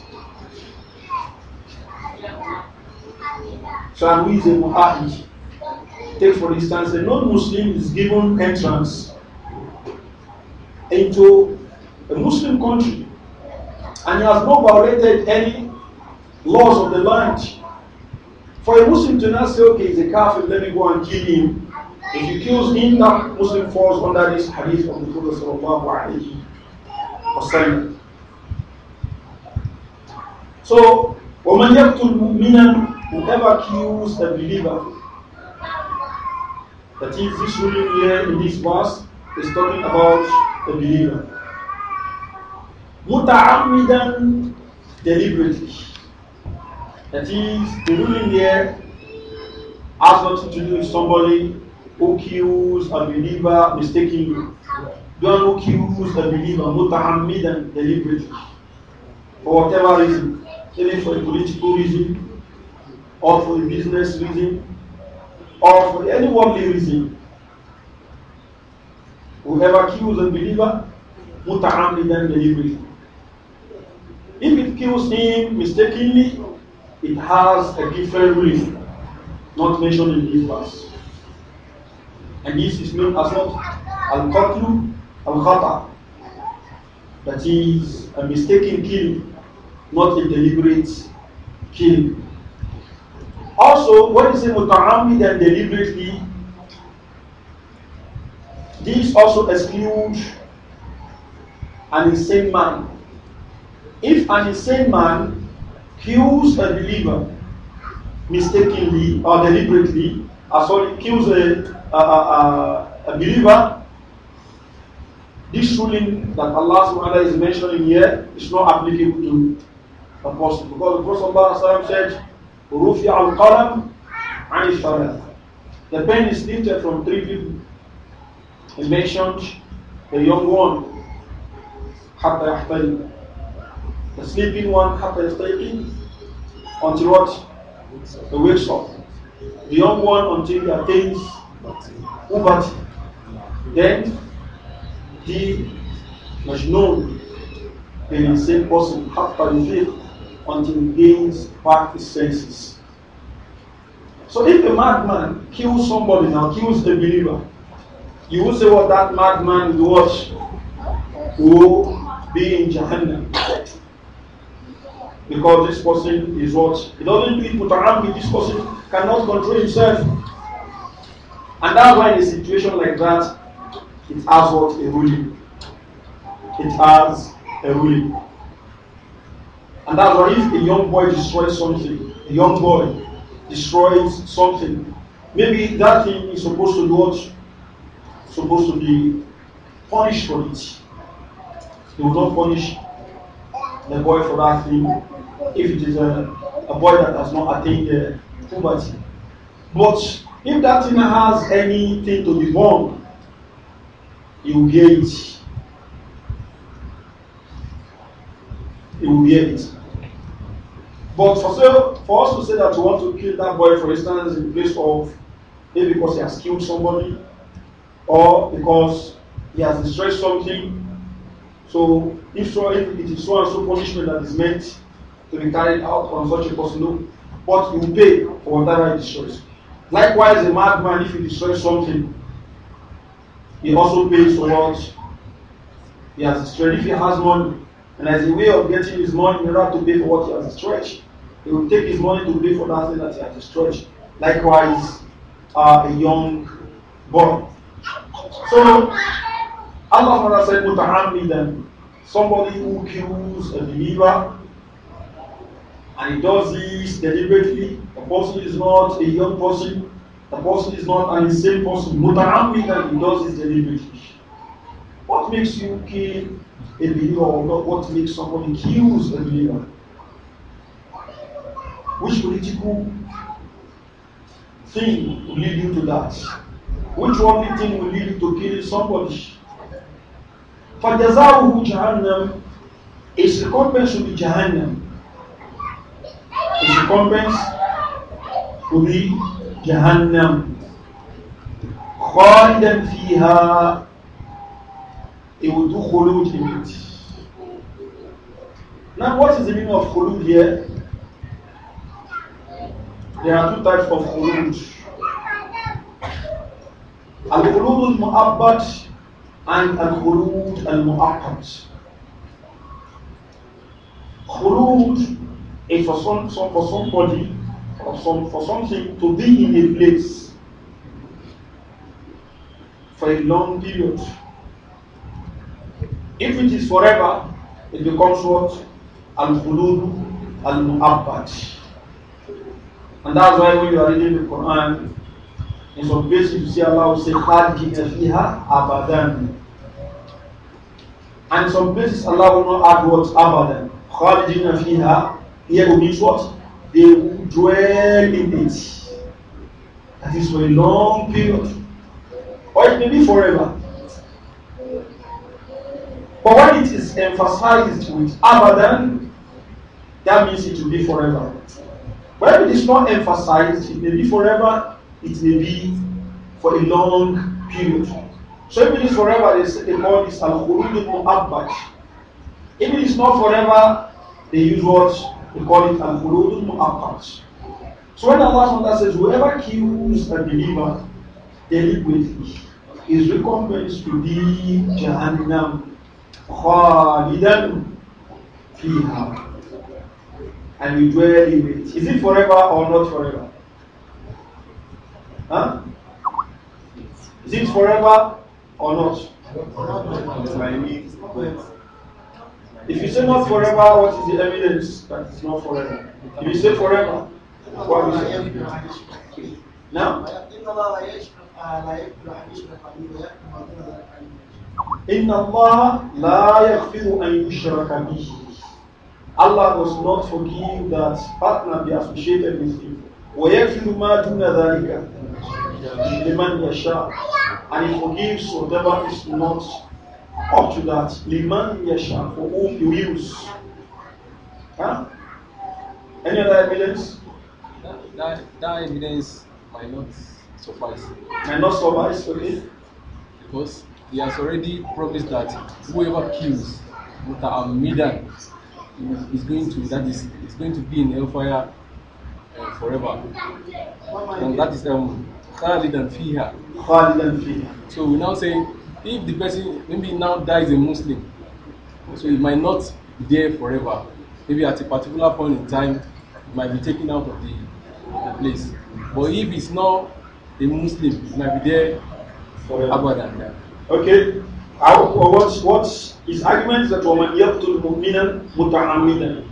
So, and who is a Take for instance, a non-Muslim is given entrance into a Muslim country and he has not violated any laws of the land. For a Muslim to not say, okay, he's a kafir, let me go and kill him. If he kills him, that Muslim falls under this hadith of the Prophet sallallahu alayhi wa sallam. So, وَمَنْ يَقْتُلْ مُؤْمِنًا Whoever kills a believer. That is, this ruling here in this verse is talking about a believer. مُتَعَمِّدًا deliberately. That is, the ruling here has nothing to do with somebody who kills a believer mistakenly. The one who kills a believer, mutahamidan, deliberately, for whatever reason maybe for a political reason, or for a business reason, or for any worldly reason. Whoever kills a believer, then deliberately. If it kills him mistakenly, it has a different reason, not mentioned in this verse. And this is known as not Al-Qatlu Al-Khata. That is a mistaken killing not a deliberate killing. Also, what is a say muta'ammid deliberately, these also exclude an insane man. If an insane man kills a believer mistakenly or deliberately, uh, sorry, kills a, a, a, a believer, this ruling that Allah subhanahu wa ta'ala is mentioning here is not applicable to compulsory. Because the Prophet said, Rufi al qalam and Farah. The pen is lifted from three people. He mentioned the young one, Hatta Yahtari. The sleeping one, Hatta Yahtari. Until what? The wakes up. The young one until he attains puberty. Then he Majnun in the same person, Hatta Yahtari until he gains back his senses. So if a madman kills somebody now, kills a believer, you will say what that madman will watch will be in Jahannam. Because this person is what? He doesn't do it muta'ambi. This person cannot control himself. And that's why in a situation like that, it has what? A ruling. It has a ruling. And that's why if a young boy destroys something, a young boy destroys something, maybe that thing is supposed to be what? Supposed to be punished for it. They will not punish the boy for that thing if it is a, a boy that has not attained uh, puberty. But if that thing has anything to be born, he will get it. He will get it. But for, so, for us to say that we want to kill that boy, for instance, in place of maybe because he has killed somebody or because he has destroyed something. So if so, if it is so and so punishment that is meant to be carried out on such a person, no. But you pay for whatever he destroys. Likewise, a madman, if he destroys something, he also pays for what he has destroyed. If he has money, and as a way of getting his money in order to pay for what he has destroyed, he will take his money to pay for that thing that he has destroyed. Likewise, uh, a young boy. So, Allah said, then somebody who kills a believer and he does this deliberately. The person is not a young person, the person is not an insane person. Mutahamidan, he does this deliberately. What makes you kill a believer or not? What makes somebody kill a believer? Which political thing will lead you to that? Which one thing will lead you to killing somebody? فَجَزَاؤُهُ جَهَنَّمْ His recompense will be Jahannam. His recompense will be Jahannam. خَالِدًا فِيهَا He will do khulud in it. Now what is the meaning of khulud here? There are two types of khulud. Al-khulud al-mu'abbat and al-khulud al-mu'aqqat. Khulud is for, some, some, for somebody for some, for something to be in a place for a long period. If it is forever, it becomes what? Al-Khulud al-Mu'abbad. And that's why when you are reading the Quran, in some places you see Allah will say, Khadina fiha abadan. And in some places Allah will not add words abadan. Khadina fiha, here will means what? They will dwell in it. That is for a long period. Or it may be forever. But when it is emphasized with abadan, that means it will be forever. Where it is not emphasized, it may be forever, it may be for a long period. So if it is forever, they, they call this al mu'abbad. If it is not forever, they use what they call it al mu'abbad. So when Allah says, whoever kills a believer deliberately, his recompense to be Jahannam, khalidan fiha. and you dwell in it. Is it forever or not forever? Huh? Is it forever or not? If you say not forever, what is the evidence that it's not forever? If you say forever, what is it? Now? إن الله لا يغفر أن يشرك به Allah does not forgive that partner be associated with him. وَيَغْفِرُ مَا دُونَ ذَلِكَ لِمَنْ يَشَاءُ And he forgives whatever is not up to that. لِمَنْ يَشَاءُ For whom he wills. Huh? Any other evidence? That, that, that evidence might not suffice. Might not suffice, okay? Because he has already promised that whoever kills Muta'ammidan is going to that is it's going to be in hellfire uh, forever. And that is um Khalidan Fiha. Khalidan Fiha. So we now say if the person maybe now dies a Muslim, so he might not be there forever. Maybe at a particular point in time, he might be taken out of the, the place. But if it's not a Muslim, he might be there forever. Abadan. Okay. Our or what, his argument is that woman yaqtul mu'minan muta'ammidan.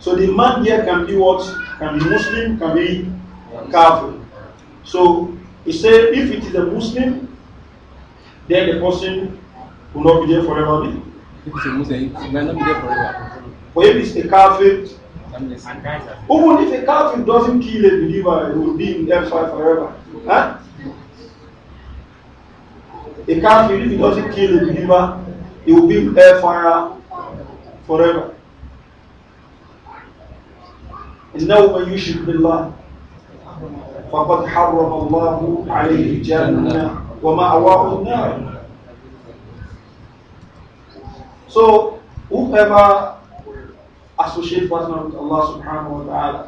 So the man here can be what? Can be Muslim, can be kafir. So he said if it is a Muslim, then the person will not be there forever. If it's a Muslim, he might not be there forever. But if it's a kafir, even if a kafir doesn't kill a believer, he will be in hellfire forever. Huh? A kafir, if it doesn't kill a believer, it will be hellfire forever. إنه من يشرك بالله فقد حرم الله عليه الجنة ومأواه النار So whoever associates with Allah subhanahu wa ta'ala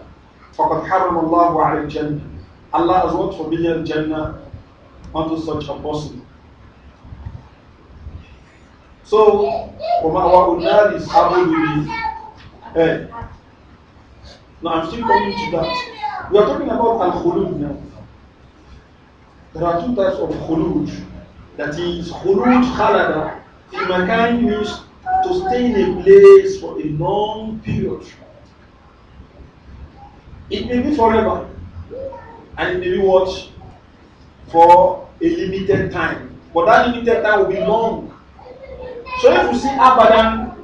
فقد حرم الله عليه الجنة Allah has not forbidden Jannah unto such a person so ọmọ àwọn ordinary abúlé ẹ now i'm still coming to that we are talking about al now there are two types of khulud that is khulud khalada in makan used to stay in a place for a long period it may be forever and it may be what for a limited time but that limited time will be long So if you see Abadan,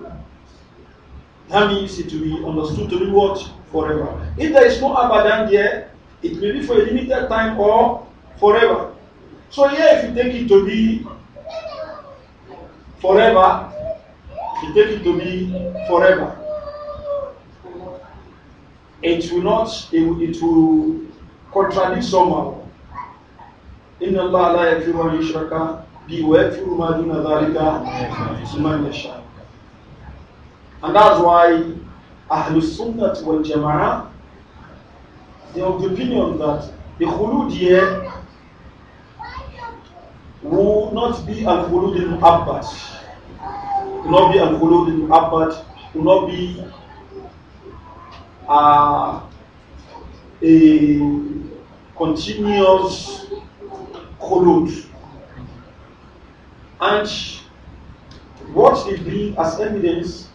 that means it to be understood to be what? Forever. If there is no Abadan there, it may be for a limited time or forever. So here if you take it to be forever, you take it to be forever, it will not, it will, it will contradict somehow. إن الله لا يغفر أن يشرك be wayakfuru ma duna dhalika liman And that's why Ahlul Sunnah wal Jama'ah, they have the opinion that the khulud here will not be al khulud in Abbas, will not be al khulud in Abbas, will not be uh, a continuous khulud. And what they bring as evidence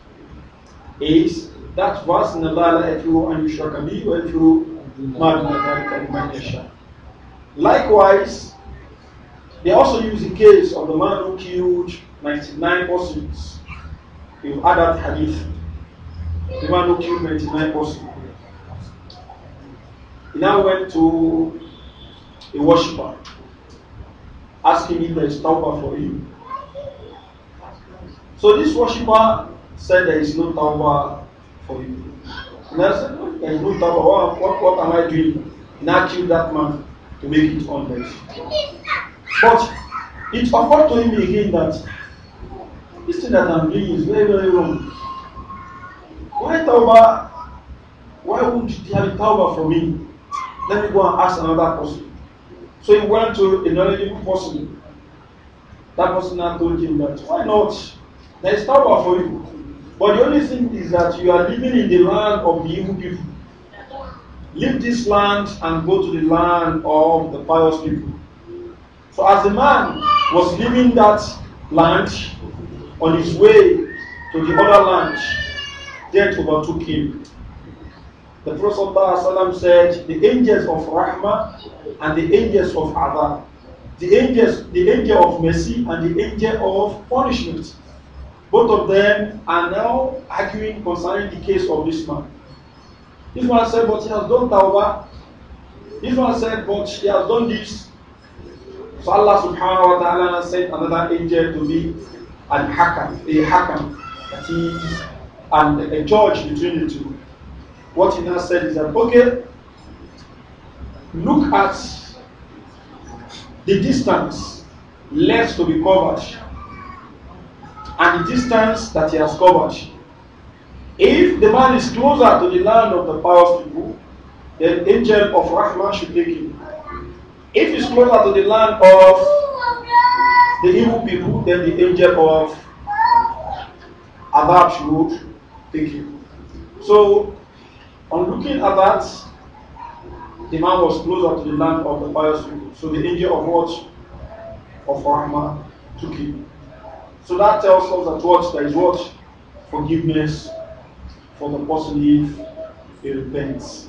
is that was in Allah if you and you shall be if you Likewise, they also use the case of the man who killed 99 persons. in have hadith. The man who killed 99 persons. He now went to a worshipper, asking him to stop for him. So this worshiper said there is no tawbah for you. And I said, no, there is no tawbah. What, what, what am I doing? And I killed that man to make it honest. But it occurred to him again that this thing that I'm doing is very, very wrong. Why tawbah? Why would you have tawbah for me? Let me go and ask another person. So he went to a knowledgeable person. That person now told him that, why not? There is power for you. But the only thing is that you are living in the land of the evil people. Leave this land and go to the land of the pious people. So as the man was leaving that land on his way to the other land, death overtook him. The Prophet said, The angels of Rahmah and the angels of Adab, the angels, the angel of mercy and the angel of punishment. Both of them are now arguing concerning the case of this man. This man said, but he has done tawbah. This one said, but he has done this. So Allah subhanahu wa ta'ala sent another angel to be an hakam, a hakam, that is, and a judge between the two. What he now said is that, okay, look at the distance left to be covered and the distance that he has covered. If the man is closer to the land of the pious people, then angel of Rahman should take him. If he's closer to the land of the evil people, then the angel of Adab should take him. So, on looking at that, the man was closer to the land of the pious people. So the angel of what? Of Rahman took him. So that tells us that what there is what forgiveness for the person if he repents.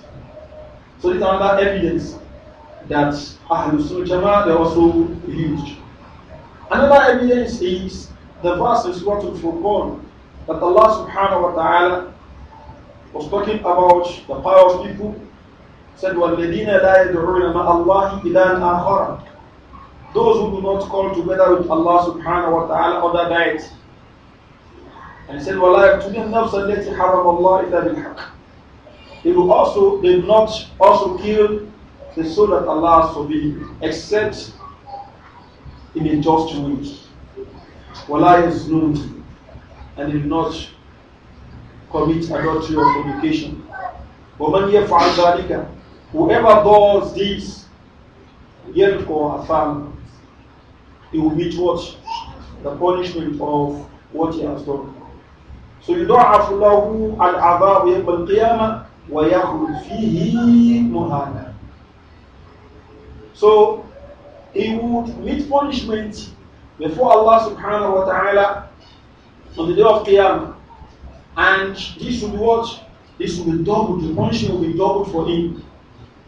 So this is another evidence that Ahlul Sunnah Jama'ah they also used. Another evidence is the verse in to al that Allah subhanahu wa ta'ala was talking about the power of people said وَالَّذِينَ لَا يَدْعُونَ مَا اللَّهِ إِلَىٰ آخَرَ those who do not call together with Allah subhanahu wa ta'ala other diets. And he said, وَلَا يَقْتُلِنْ نَفْسَ haram Allah اللَّهُ إِلَّا بِالْحَقِّ He will also, they will not also kill the soul that Allah has forbidden, except in a just way. is known, And they will not commit adultery or fornication. وَمَنْ يَفْعَلْ Whoever does this, يَلْقُوا أَثَامًا he will meet what? The punishment of what he has done. So you don't have to who يضاعف له way. يوم القيامة ويخلد فيه مهانا. So he would meet punishment before Allah subhanahu wa ta'ala on the day of Qiyamah. And this will be what? This will be doubled, the punishment will be doubled for him.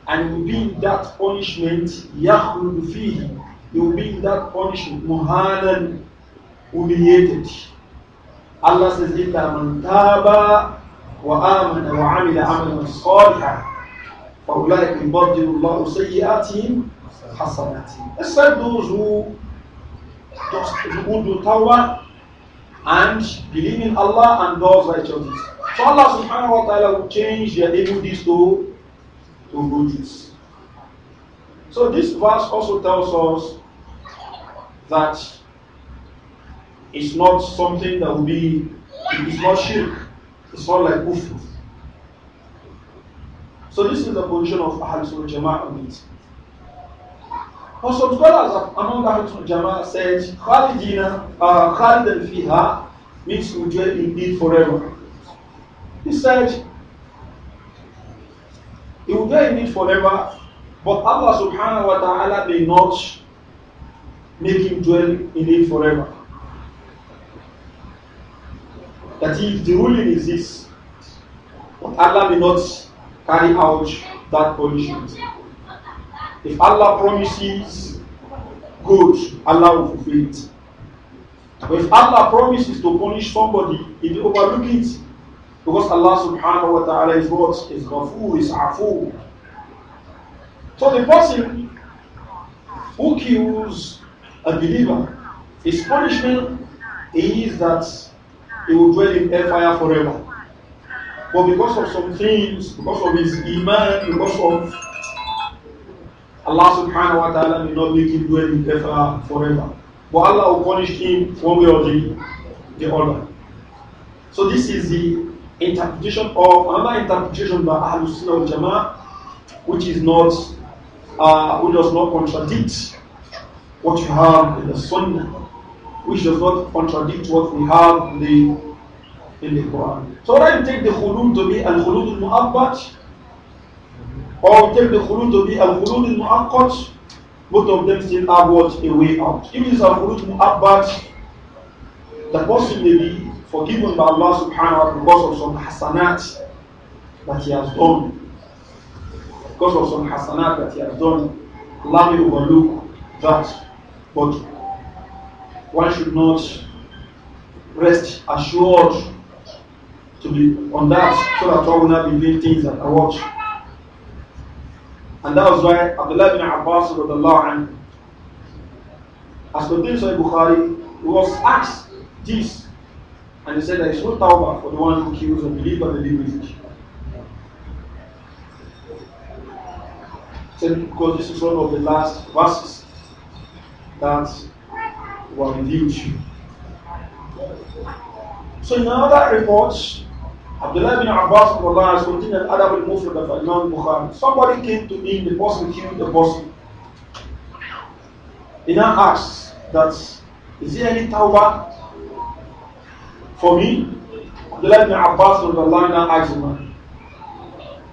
And will be that punishment, يَخْلُدُ فِيهِ You will be that punishment, muhanan, humiliated. Allah says, wa مَنْ تَابَ وَآمَنَ وَعَمِلَ عَمَلًا صَالِحًا فَأُولَٰئِكَ يُبَدِّلُ اللَّهُ سَيِّئَاتِهِمْ حَسَنَاتِهِمْ Except those who, just, who do tawbah and believe in Allah and those righteousness. So Allah subhanahu wa ta'ala will change their evil deeds to, to good deeds. So this verse also tells us that it's not something that will be, it's not shirk, it's not like oof. So this is the position of Ahl Sunnah Jama'ah on it. But some scholars among Ahl Sunnah Jama'ah said, Khalidina, uh, Khalidan fiha means to dwell in it forever. He said, he will dwell in it forever, but Allah subhanahu wa ta'ala may not make him dwell in it forever. That if the ruling is this, Allah may not carry out that punishment. If Allah promises good, Allah will fulfill it. But if Allah promises to punish somebody, he will overlook it. Because Allah subhanahu wa ta'ala is what? Is ghafoor, is afu. So the person who kills a believer, his punishment is that he will dwell in hellfire forever. But because of some things, because of his iman, because of Allah subhanahu wa ta'ala may not make him dwell in hellfire forever. But Allah will punish him one way or the, the other. So this is the interpretation of another interpretation by Ahlul Sunnah al Jama'ah, which is not uh, who does not contradict what you have in the Sunnah, which does not contradict what we have in the, in the Quran. So whether you take the khulud to be al khulud al mu'abbat, or you take the khulud to be al khulud al muakkad both of them still have what a way out. If it's al khulud mu'abbat, the person may be forgiven by Allah subhanahu wa ta'ala because of some hasanat that he has done. Because of some hasanat that he has done, Allah will overlook that. But one should not rest assured to be on that so that one will not be doing things that are And that was why Abdullah bin Abbas anhu, as the Prince of Bukhari was asked this and he said there is no tawbah for the one who kills a believer believing it. said because this is one of the last verses that were revealed. So in another report, Abdullah bin Abbas Allah is continued Adab al-Mufrad of Imam Bukhari. Somebody came to me in the person killed the person. He now asked that, is there any tawbah for me? Abdullah bin Abbas Allah now asked him,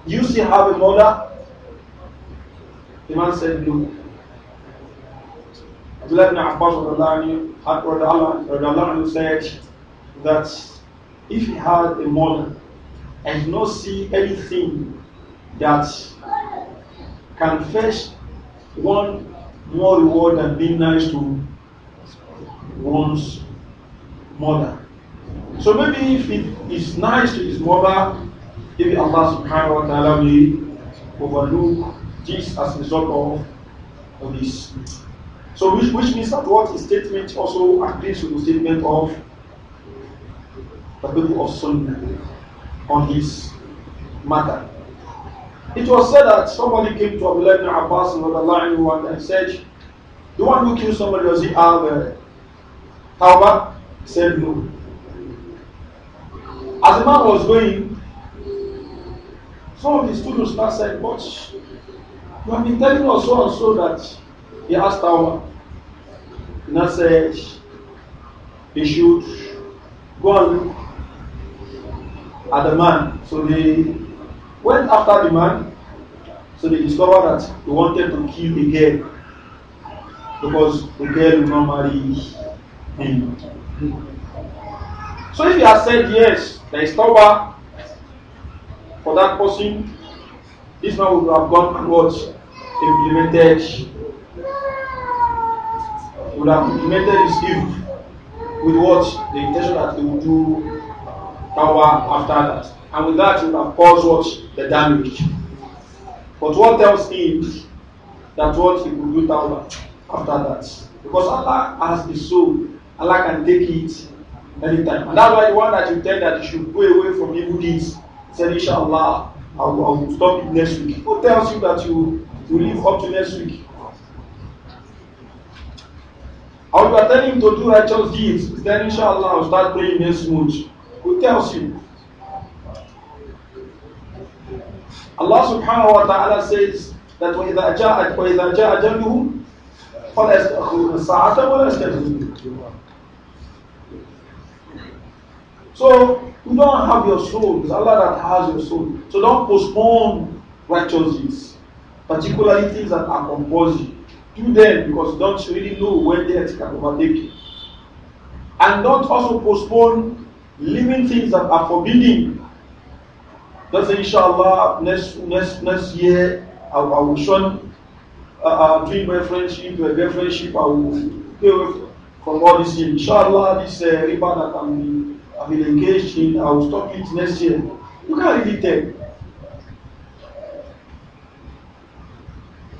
you still have a mother? The man said, no. Abdullah ibn Abbas Radalani said that if he had a mother and did not see anything that can fetch one more reward than being nice to one's mother. So maybe if it is nice to his mother, maybe Allah subhanahu wa ta'ala will overlook this as a result of, of this. So which, which means that what his statement also agrees with the statement of the people of Sunnah on his matter. It was said that somebody came to Abdullah ibn Abbas and said, The one who killed somebody, does he have a tawbah? He said, No. As the man was going, some of the students now said, But you have been telling us so and so that He asked Umar, and I said, he should go at the man. So they went after the man. So they discovered that he wanted to kill the girl because the girl will not marry him. So if he has said yes, there is power for that person, this man would have gone towards what implemented would have implemented his evil with what? The intention that he would do power after that. And with that, he would have caused what? The damage. But what tells him that what he could do power after that? Because Allah has the soul, Allah can take it anytime. And that's why the one that you tell that you should go away from evil deeds said, Inshallah, I will, I will stop it next week. Who tells you that you, you live up to next week? Are you are telling him to do righteous deeds, then inshallah I'll start praying next month. Who tells you? Allah subhanahu wa ta'ala says that وَإِذَا جَاءَتْ وَإِذَا جَاءَ جَنُّهُمْ فَلَا يَسْتَأْخِرُونَ السَّاعَةَ وَلَا So you don't have your soul. It's Allah that has your soul. So don't postpone righteous deeds, particularly things that are compulsory. do them because you don't really know when death can overtake you. And don't also postpone living things that are forbidden. Don't say, inshallah, next, next, next year I, I will shun uh, doing uh, my friendship, my girlfriendship, I will pay away from all this year. Inshallah, this uh, riba that I'm, I've been engaged in, I will stop it next year. You can't really tell.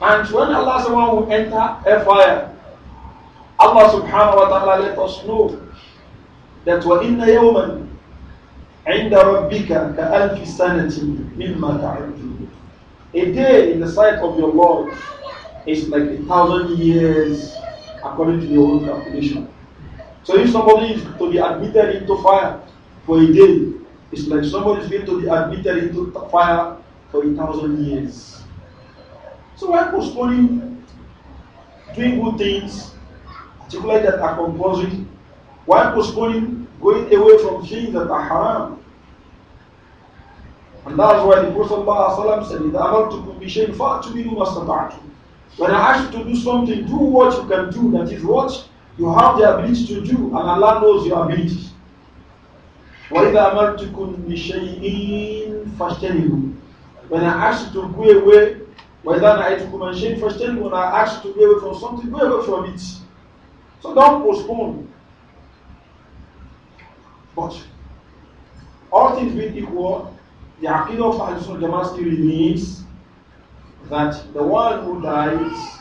And when Allah says will enter a fire, Allah subhanahu wa ta'ala let us know that وَإِنَّ يَوْمًا عِنْدَ رَبِّكَ كَأَلْفِ سَنَةٍ مِمَّا تَعُدُّونَ A day in the sight of your Lord is like a thousand years according to your own calculation. So if somebody is to be admitted into fire for a day, it's like somebody is going to be admitted into fire for a thousand years. So why postponing doing good things, particularly that are compulsory? Why postponing going away from things that are haram? And that's why the Prophet said, to أَمَرْتُكُمْ بِشَيْءٍ فَأْتُمِنُوا مَسْتَطَعْتُمْ When I ask you to do something, do what you can do. That is what you have the ability to do, and Allah knows your ability. وَإِذَا أَمَرْتُكُمْ بِشَيْءٍ فَاجْتَنِبُوا When I ask you to go away Whether Naitukum and Shane first when I asked to be away from something, go away from it. So don't postpone. But all things being equal, the Aqidah of Al-Sunnah Jama'ah still remains that the one who dies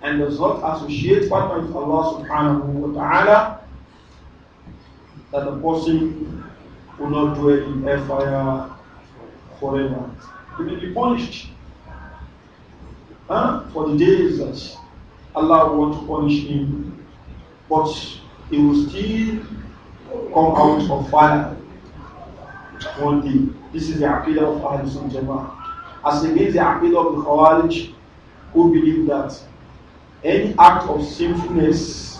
and does not associate partner with Allah subhanahu wa ta'ala, that the person will not dwell in fire forever. He will be punished huh? for the days that Allah wants to punish him, but he will still come out of fire one day. This is the appeal of Ahlus Sunnah As against the appeal of the Khawarij, who believe that any act of sinfulness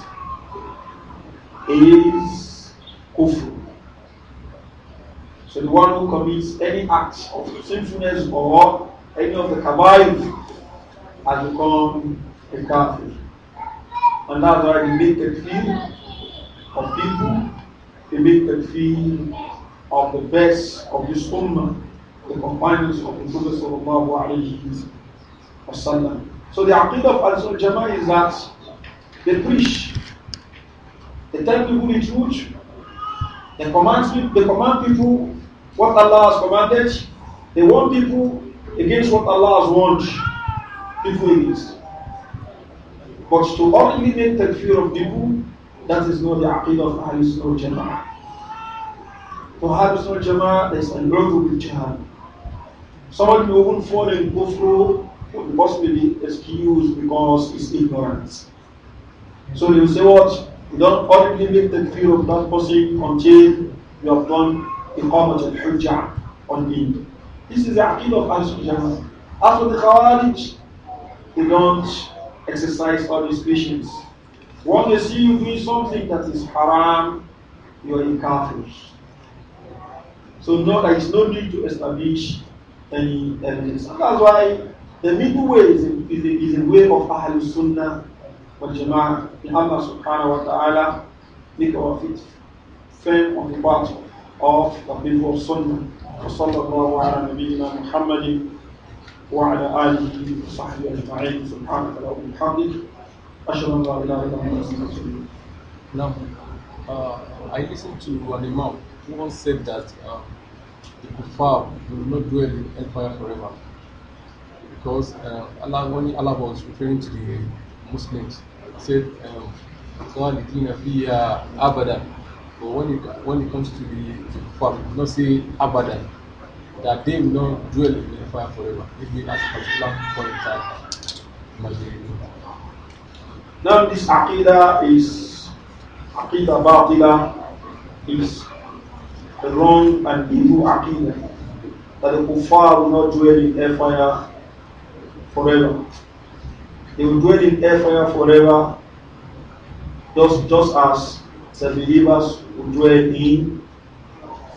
is kufr. So the one who commits any act of sinfulness or any of the kabair has become a kafir. And that's why they make a of people, they limited field of the best of this ummah, the companions of the Prophet sallallahu alayhi wa sallam. So the aqidah of al Jama'ah is that they preach, they tell people the truth, they command, they command people what Allah has commanded, they warn people against what Allah has warned people But to only make the fear of people, that is not the aqidah of Ahl Sunnah Jama'ah. For Ahl Sunnah Jama'ah, there is a lot with jihad. Someone may even fall and go through possibly excuse because it's ignorance. So you say what? You don't only make the fear of that person until you have done Iqamat al-Hujjah on him. This is the Aqid of Ahl Sunnah After the Khawarij, they don't exercise all these patience. When they see you doing something that is haram, you are in kafir. So no, there is no need to establish any evidence. And that's why the middle way is a, is a, is a way of Ahlul Sunnah Jama'ah. May Allah subhanahu wa ta'ala make our feet firm on the path of the people of Sunnah. وصلى الله على نبينا محمد وعلى آله وصحبه أجمعين سبحانك اللهم وبحمدك أشهد أن لا إله إلا uh, I listened to an imam who once said that uh, the kuffar will not dwell in empire forever because uh, Allah, when Allah was referring to the Muslims, said um, But when it when it comes to the, the kuffar, we did not say abadan. that they will not dwell in the fire forever. Maybe at a particular point in time, Now, this akida is akida Batila is the wrong and evil akida. that the kuffar will not dwell in air fire forever. They will dwell in air fire forever just, just as the believers will dwell in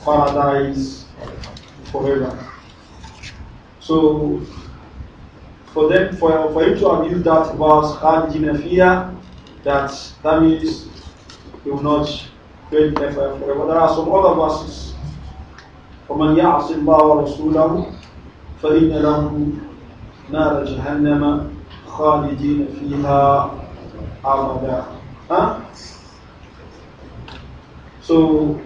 paradise forever. So for them for, for him to have used that verse in Khadijinafia, that that means he will not dwell in hellfire forever. There are some other verses. ومن يعص الله ورسوله فإن له نار جهنم خالدين فيها أبدا huh? So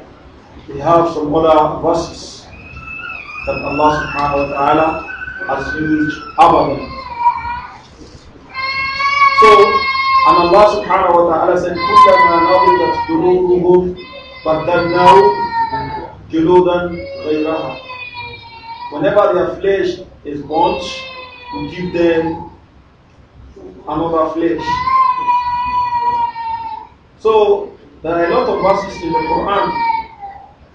we have some other verses that Allah subhanahu wa ta'ala has used above So, and Allah subhanahu wa ta'ala said, كُلَّمَا نَضِبَتْ جُلُودُهُمْ بَدَّلْنَاهُمْ جُلُودًا غَيْرَهَا Whenever their flesh is burnt, we give them another flesh. So, there are a lot of verses in the Quran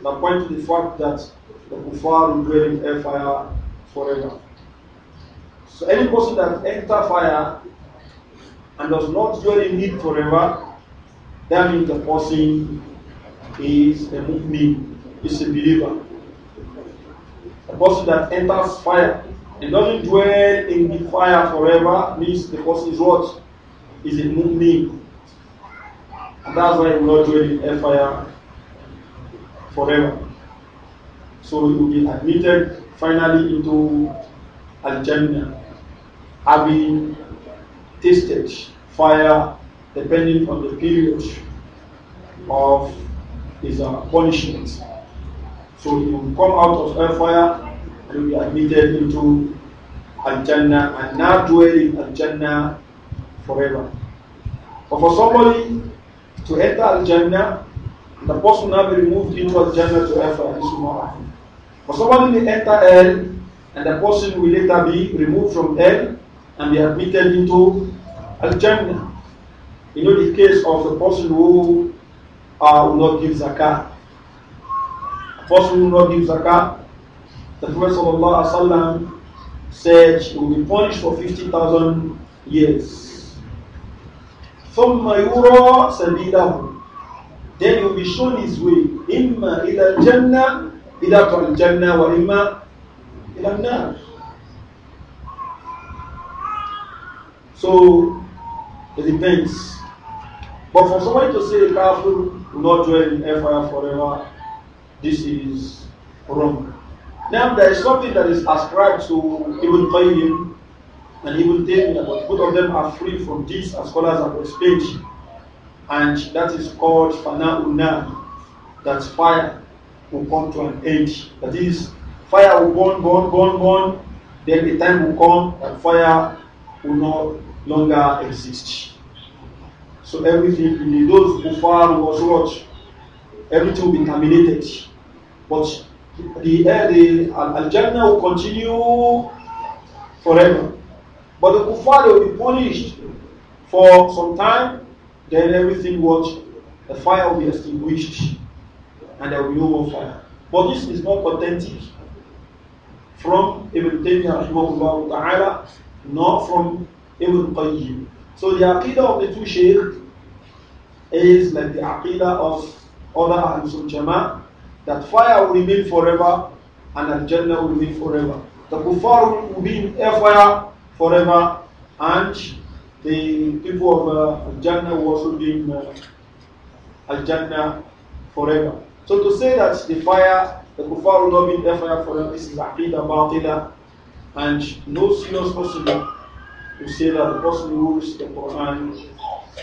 that point to the fact that the kuffar will dwell in air fire forever. So any person that enters fire and does not dwell in it forever, that means the person is a mu'min, is a believer. The person that enters fire and doesn't dwell in the fire forever means the person is what? Is a mu'min. And that's why he will not dwell in fire forever. So he will be admitted finally into Al having tasted fire depending on the period of his uh, punishment. So he will come out of hellfire and will be admitted into Al Jannah and not dwell in Al Jannah forever. But for somebody to enter Al Jannah, the person will be removed into Al Jannah to hellfire. This will not happen. For somebody may enter hell, and the person will later be removed from hell and be admitted into Al Jannah. You know the case of the person who uh, will not give zakah. A person who will not give zakah, the Prophet ﷺ said he will be punished for 50,000 years. ثم يرى سبيله then he will be shown his way إما إلى الجنة إلى الجنة وإما إلى النار So it depends. But for somebody to say careful will not dwell in forever, this is wrong. Now there is something that is ascribed to Ibn Qayyim and Ibn Taymiyyah, but both of them are free from this as scholars have explained. And that is called Fana'una, that's fire will come to an end. That is, fire will burn, burn, burn, burn. Then the time will come that fire will no longer exist. So everything in those who fall was what? Everything will be terminated. But the air, eh, the Al will continue forever. But the kuffar will be punished for some time, then everything what the fire will be extinguished and there will be no more fire. But this is not authentic from Ibn Taymiyyah rahimahullah ta'ala, not from Ibn Qayyim. So the aqidah of the two shaykh is like the aqidah of other Ahlul Jama'ah, that fire will remain forever and Al-Jannah will remain forever. The kuffar will be in fire forever and the people of uh, Al-Jannah will also be in uh, Al-Jannah forever. So to say that the fire, the kuffar will not be in fire for them, this is aqidah batila, and no sinners possible to say that the person who the Quran,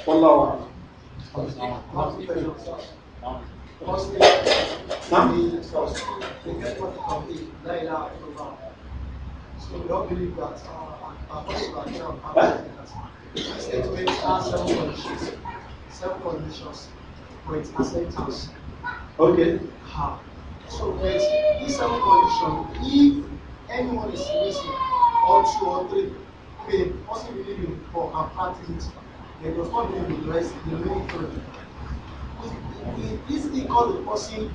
Allah so we don't believe that our are seven conditions, seven conditions for its acceptance. Okay. How? So there's this some condition. If anyone is missing or two or three may possibly leave him for a practice, they does not be addressed rest the main thing. Is it called the person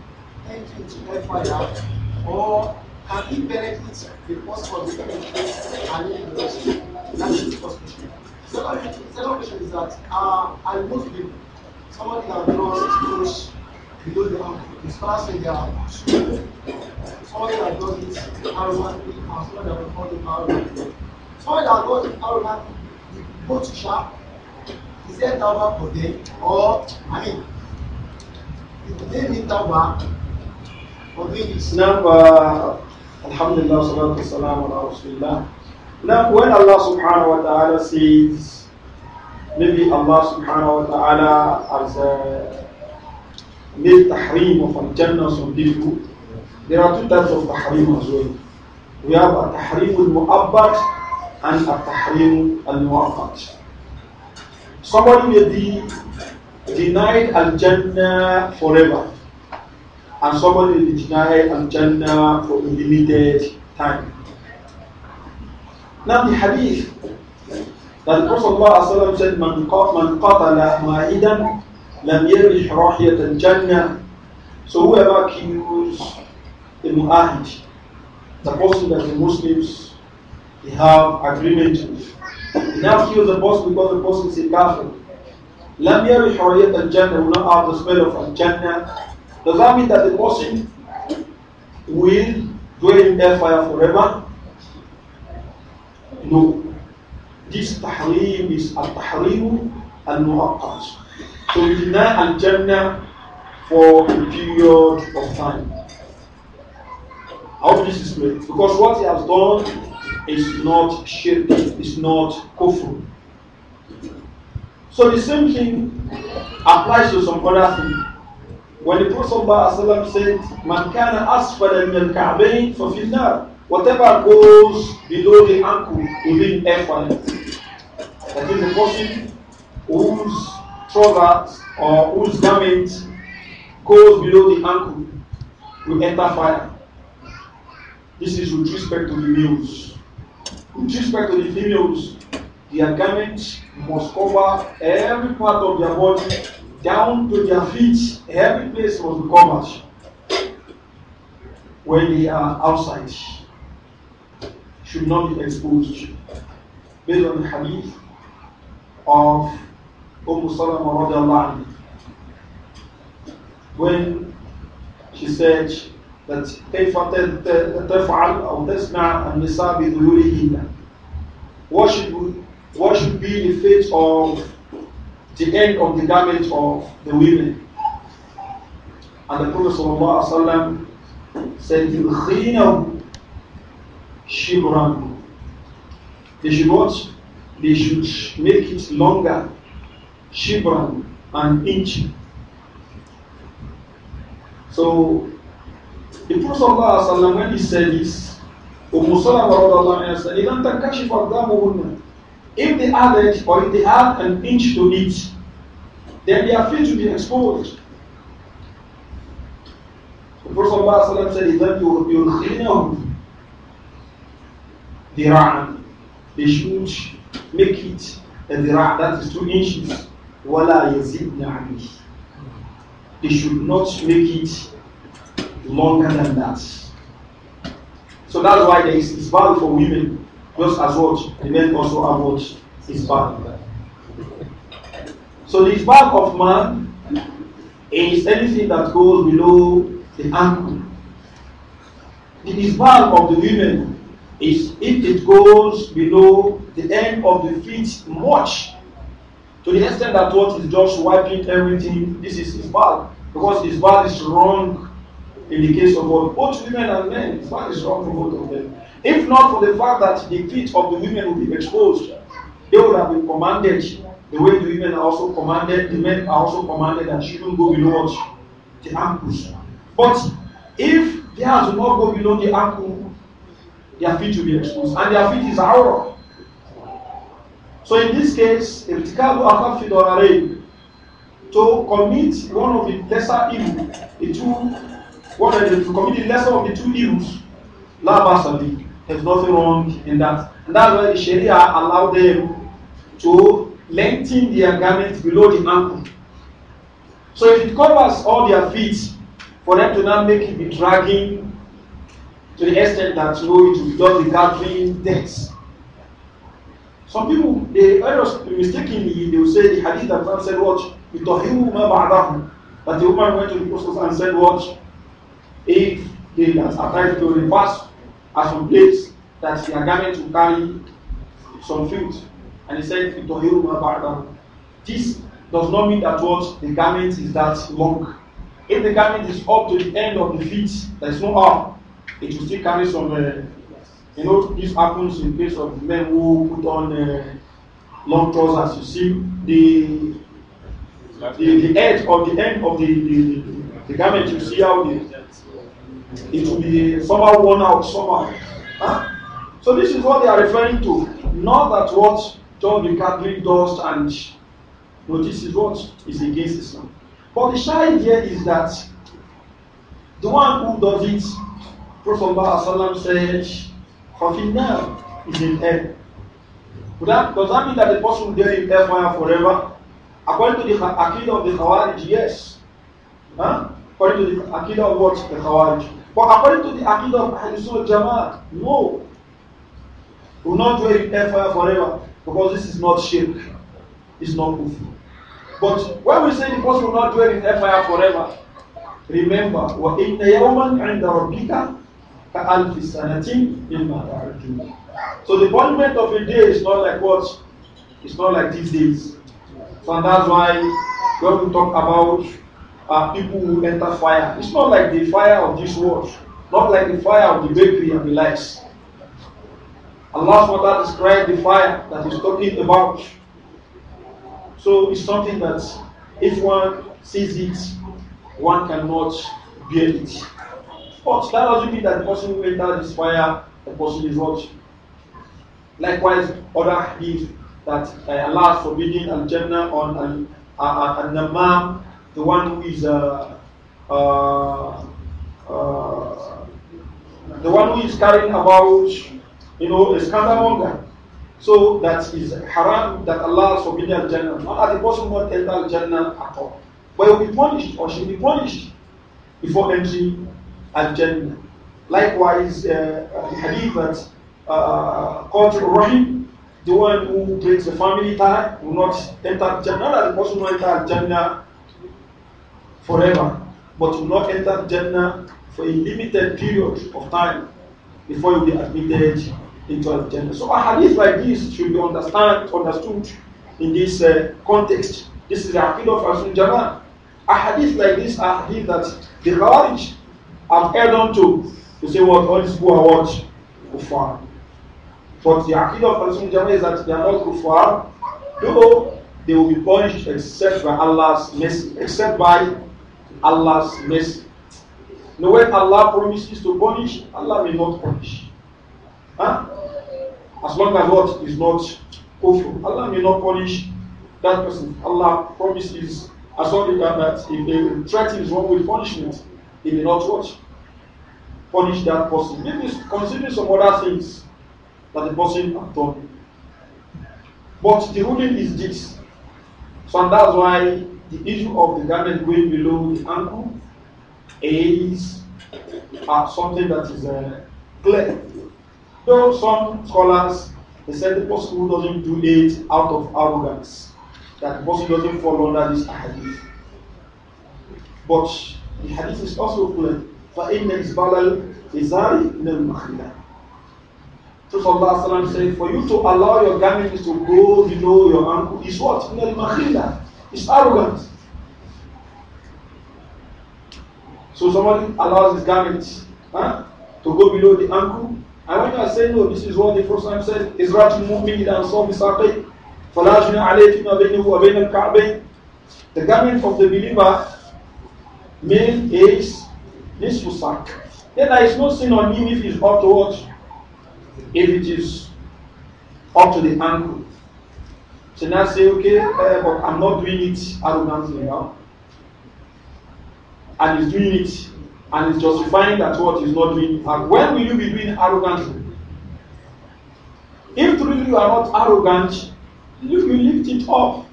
entering to hellfire or can it benefit the person for the and leaving the rest? That is the first question. Second question is that uh, I move him. Somebody that draws close you know they uh, are, the scholars say they are someone that does this arrogantly and someone that will call him arrogant. Someone that does it arrogantly, the both sharp, is there dawa for them? Or, I mean, is there any dawa Now, when Allah subhanahu wa ta'ala says, maybe Allah subhanahu wa ta'ala as a made jannah some people. There are two types of tahrim as well. We have a tahrim al-mu'abbat and a tahrim al-mu'aqqat. Somebody may be denied al-jannah forever and somebody may be denied al-jannah for a limited time. Now the hadith that the Prophet said, Man qatala ma'idan لم يرح راحية الجنة So whoever kills the mu'ahid, the person that the Muslims they have agreement with, he now kills the person because the person is a kafir. لم yarih harayat الجنة will not have the smell of الجنة Does that mean that the person will dwell in fire forever? No. This tahrim is a tahrim al muaqqas So you deny Al Jannah for a period of time. I hope this is clear. Because what he has done is not shirk, is not kufur. So the same thing applies to some other things. When the Prophet ﷺ said, Man kana asfala min al-ka'bayn fa fi nar. Whatever goes below the ankle will be in hellfire. That is the person whose trousers or whose garment goes below the ankle will enter fire. This is with respect to the males. With respect to the females, their garment must cover every part of their body down to their feet. Every place must be covered when they are outside. Should not be exposed. Based on the hadith of Umm Salama when she said that كيف تفعل أو تسمع النساء بذيولهن what should we, what should be the fate of the end of the garment of the women and the Prophet sallallahu alaihi said يلخينهم شبرا they should what they should make it longer Shibran and inch. So the Prophet Allah, when he said this, Umm Salama said, If they added or if they add an inch to it, then they are free to be exposed. The Prophet Allah said, Idan yurkhinahum They should make it a that is two inches. wala yazid They should not make it longer than that. So that's why there is isbal for women, just as what the men also have what isbal. So the isbal of man is anything that goes below the ankle. The isbal of the women is if it goes below the end of the feet much To the extent that what is just wiping everything, this is is bad Because bad is wrong in the case of both, both women and men. bad is wrong for both of them. If not for the fact that the feet of the women will be exposed, they would have been commanded. The way the women are also commanded, the men are also commanded that shouldn't go below what? The ankles. But if they do not go below the ankle, their feet will be exposed. And their feet is aura. So in this case, irtikabu akafi dorarein, to commit one of the lesser evil, the two, one of the, to commit the lesser of the two evils, la basabi, there's nothing wrong in that. And that's why the Sharia allowed them to lengthen their garments below the ankle. So if it covers all their feet, for them to not make it be dragging to the extent that you know, it will just be gathering death. Some people, they errors mistakenly, they will say the hadith that Prophet said, Watch, that the woman went to the apostles and said, Watch, if he has attached to the past at some place that their garment to carry some filth. And he said, This does not mean that what the garment is that long. If the garment is up to the end of the feet, there is no arm, it will still carry some. Uh, You know, this happens in case of men who put on uh, long trousers. You see, the the, the edge of the end of the, the, the garment, you see how the, it will be somehow worn out, somehow. Huh? So this is what they are referring to. Not that what John the Catholic does and no, this is what is against Islam. But the shy idea is that the one who does it, Prophet Muhammad said, Fafinna is in hell. That, does that mean that the person will be in hellfire forever? According to the Aqidah of the Khawarij, yes. Huh? According to the Aqidah of what? The Khawarij. But according to the Aqidah of Ahlul Jama'at, no. Will not dwell in hellfire forever because this is not shirk. It's not kufr. But when we say the person will not dwell in hellfire forever, remember, وَإِنَّ يَوْمًا عِنْدَ رَبِّكَ كألف سنة مما تعدون So the punishment of a day is not like what? It's not like these days. So that's why when we talk about uh, people who enter fire, it's not like the fire of this world, not like the fire of the bakery and the lights. Allah SWT described the fire that he's talking about. So it's something that if one sees it, one cannot bear it. But that doesn't mean that the person who made this fire, the person is what? Likewise, other hadith that uh, Allah has forbidden Al Jannah on Al, uh, uh, Namam, the one who is uh, uh, uh, the one who is carrying about, you know, a scandalmonger. So that is haram that Allah has forbidden Al Jannah. Not that the person who enter Al Jannah at all. But he will be punished or she will be punished before entering al Jannah. Likewise, uh, uh, the hadith that uh, uh Rahim, the one who breaks the family tie, will not enter Jannah, the person will enter Jannah forever, but will not enter Jannah for a limited period of time before you be admitted into Jannah. So, a hadith like this should be understand, understood in this uh, context. This is the Aqidah of Asun Jannah. A hadith like this, a hadith that the Khawarij i have held on to. to say what? All these people are what? Kufar. But the Aqidah of Al Jamaa is that they are not kufar, though they will be punished except by Allah's mercy. Except by Allah's mercy. No, when Allah promises to punish, Allah may not punish. Huh? As long as what is not kufr, Allah may not punish that person. Allah promises as long as that uh, if they threaten is wrong with punishment. he may not watch. Punish that person. Maybe consider some other things that the person has done. But the ruling is this. So that's why the issue of the garment going below the ankle is uh, something that is uh, clear. Though some scholars they said the person who doesn't do it out of arrogance, that the person doesn't fall under this hadith. But The hadith is also good. فَإِنَّ إِزْبَالَ الْإِزَارِ مِنَ الْمَخْلِلَةِ So Sallallahu said, for you to allow your garments to go below your ankle is what? مِنَ الْمَخْلِلَةِ It's arrogant. So somebody allows his garment huh, to go below the ankle. And when you are saying, no, this is what the first time said, is Ratul Mu'min and Sabi Saqi, فَلَا جُنَا عَلَيْكِمَا بَيْنِهُ وَبَيْنَ الْكَعْبَيْنِ The garment of the believer means age, this fusak. Then there is no sin on him if it's up to what? If it is up to the ankle. So now say, okay, uh, but I'm not doing it arrogantly now. And he's doing it, and he's justifying that what he's not doing. And when will you be doing arrogantly? If truly you are not arrogant, you will lift it up.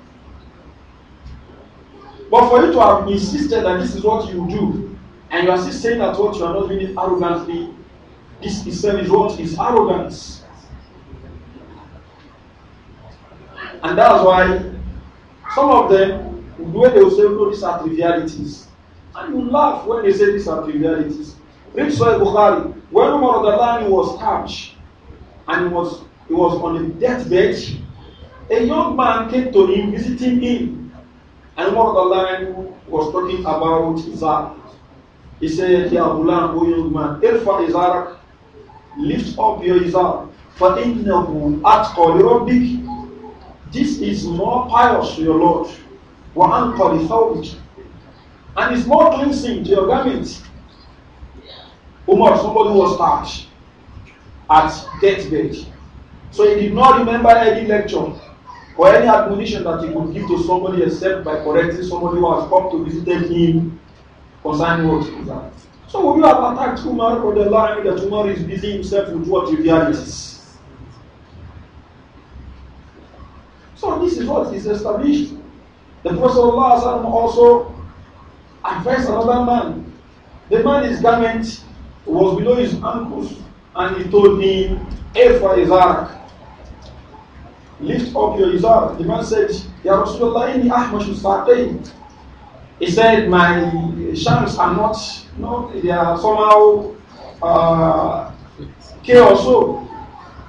But for you to have insisted that this is what you do, and you are still saying that what you are not doing really arrogantly, this itself is what is arrogance. And that is why some of them, the way they will say, no, these are trivialities. And you laugh when they say these are trivialities. Read Sahih Bukhari. When Umar was stabbed, and he was, he was on a deathbed, a young man came to him, visiting him, And one of the line was talking about Izar. He said, Ya Bulan, O young man, Irfa Izarak, lift up your Izar. فَإِنَّهُ at لِرَبِّكِ This is more pious to your Lord. وَأَنْقَى لِثَوْبِكِ And it's more cleansing to your garments. Umar, somebody was touched at deathbed. So he did not remember any lecture. For any admonition that he could give to somebody except by correcting somebody who has come to visit him concerning what is that. So would you have attacked Umar for the line that Umar is busy himself with what trivialities? So this is what is established. The Prophet also advised another man. The man his garment was below his ankles and he told him, Efa Izarak, lift up your izar. The man said, Ya Rasulullah, inni ahmashu sa'atayn. He said, my shams are not, no, they are somehow uh, chaos. So,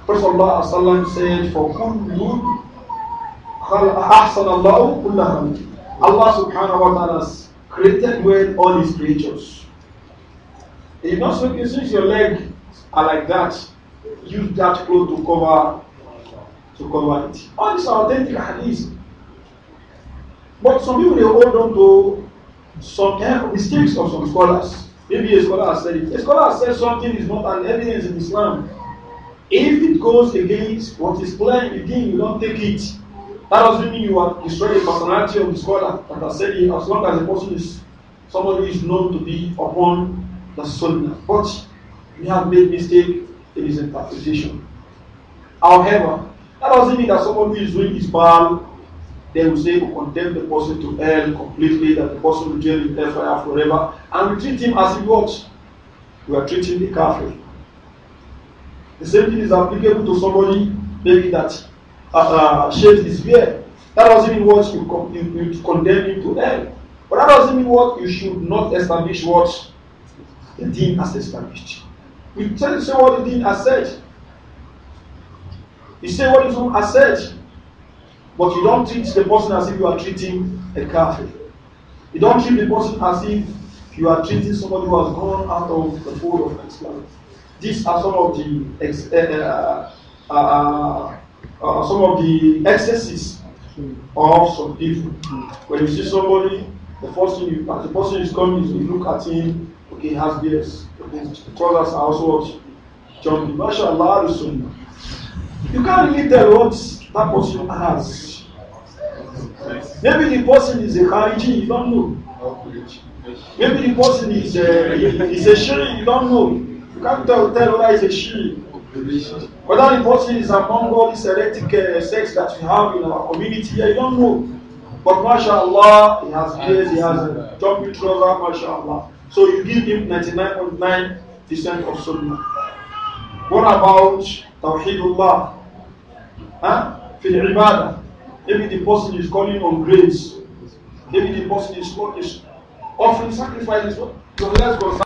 Prophet Allah said, for kullu ahsan Allah kullahamdi. Allah subhanahu wa ta'ala has created with all his creatures. If not so, since your leg are like that, use that cloth to cover to cover it. All these are authentic hadiths. But some people they hold on to some eh, mistakes of some scholars. Maybe a scholar has said it. A scholar has said something is not an evidence in Islam. If it goes against what is clear again you don't take it. That doesn't mean you are destroying the personality of the scholar that has said it, as long as the person is somebody is known to be upon the sunnah. But we have made mistake in his interpretation. However, That doesn't mean that someone who is doing his bad, they will say we condemn the person to hell completely, that the person will jail in hellfire forever, and we treat him as he was. We are treating the carefully. The same thing is applicable to somebody maybe that uh, uh, shaves his beard. That doesn't mean what you, con- you, you condemn him to hell. But that doesn't mean what you should not establish what the dean has established. We tend to say what the dean has said. You say what is said. but you don't treat the person as if you are treating a calf. You don't treat the person as if you are treating somebody who has gone out of the fold of Islam. These are some of the ex- uh, uh, uh, some of the excesses of some people. When you see somebody, the first thing you, the person is coming is you look at him. Okay, he has beards. The brothers are also jumping. MashaAllah, the Sunnah. You can't leave the roads that person has. Maybe the person is a Khariji, you don't know. Maybe the person is a, uh, is a Shiri, you don't know. You can't tell, tell whether it's a Shiri. Whether the person is among all these heretic uh, sects that we have in our community here, you don't know. But mashallah, he has grace, he has a jumping trouser, mashallah. So you give him 99.9% of sunnah. What about Tawheedullah? Huh? Maybe the person is calling on grace. Maybe the person is, is offering sacrifices. So let's go.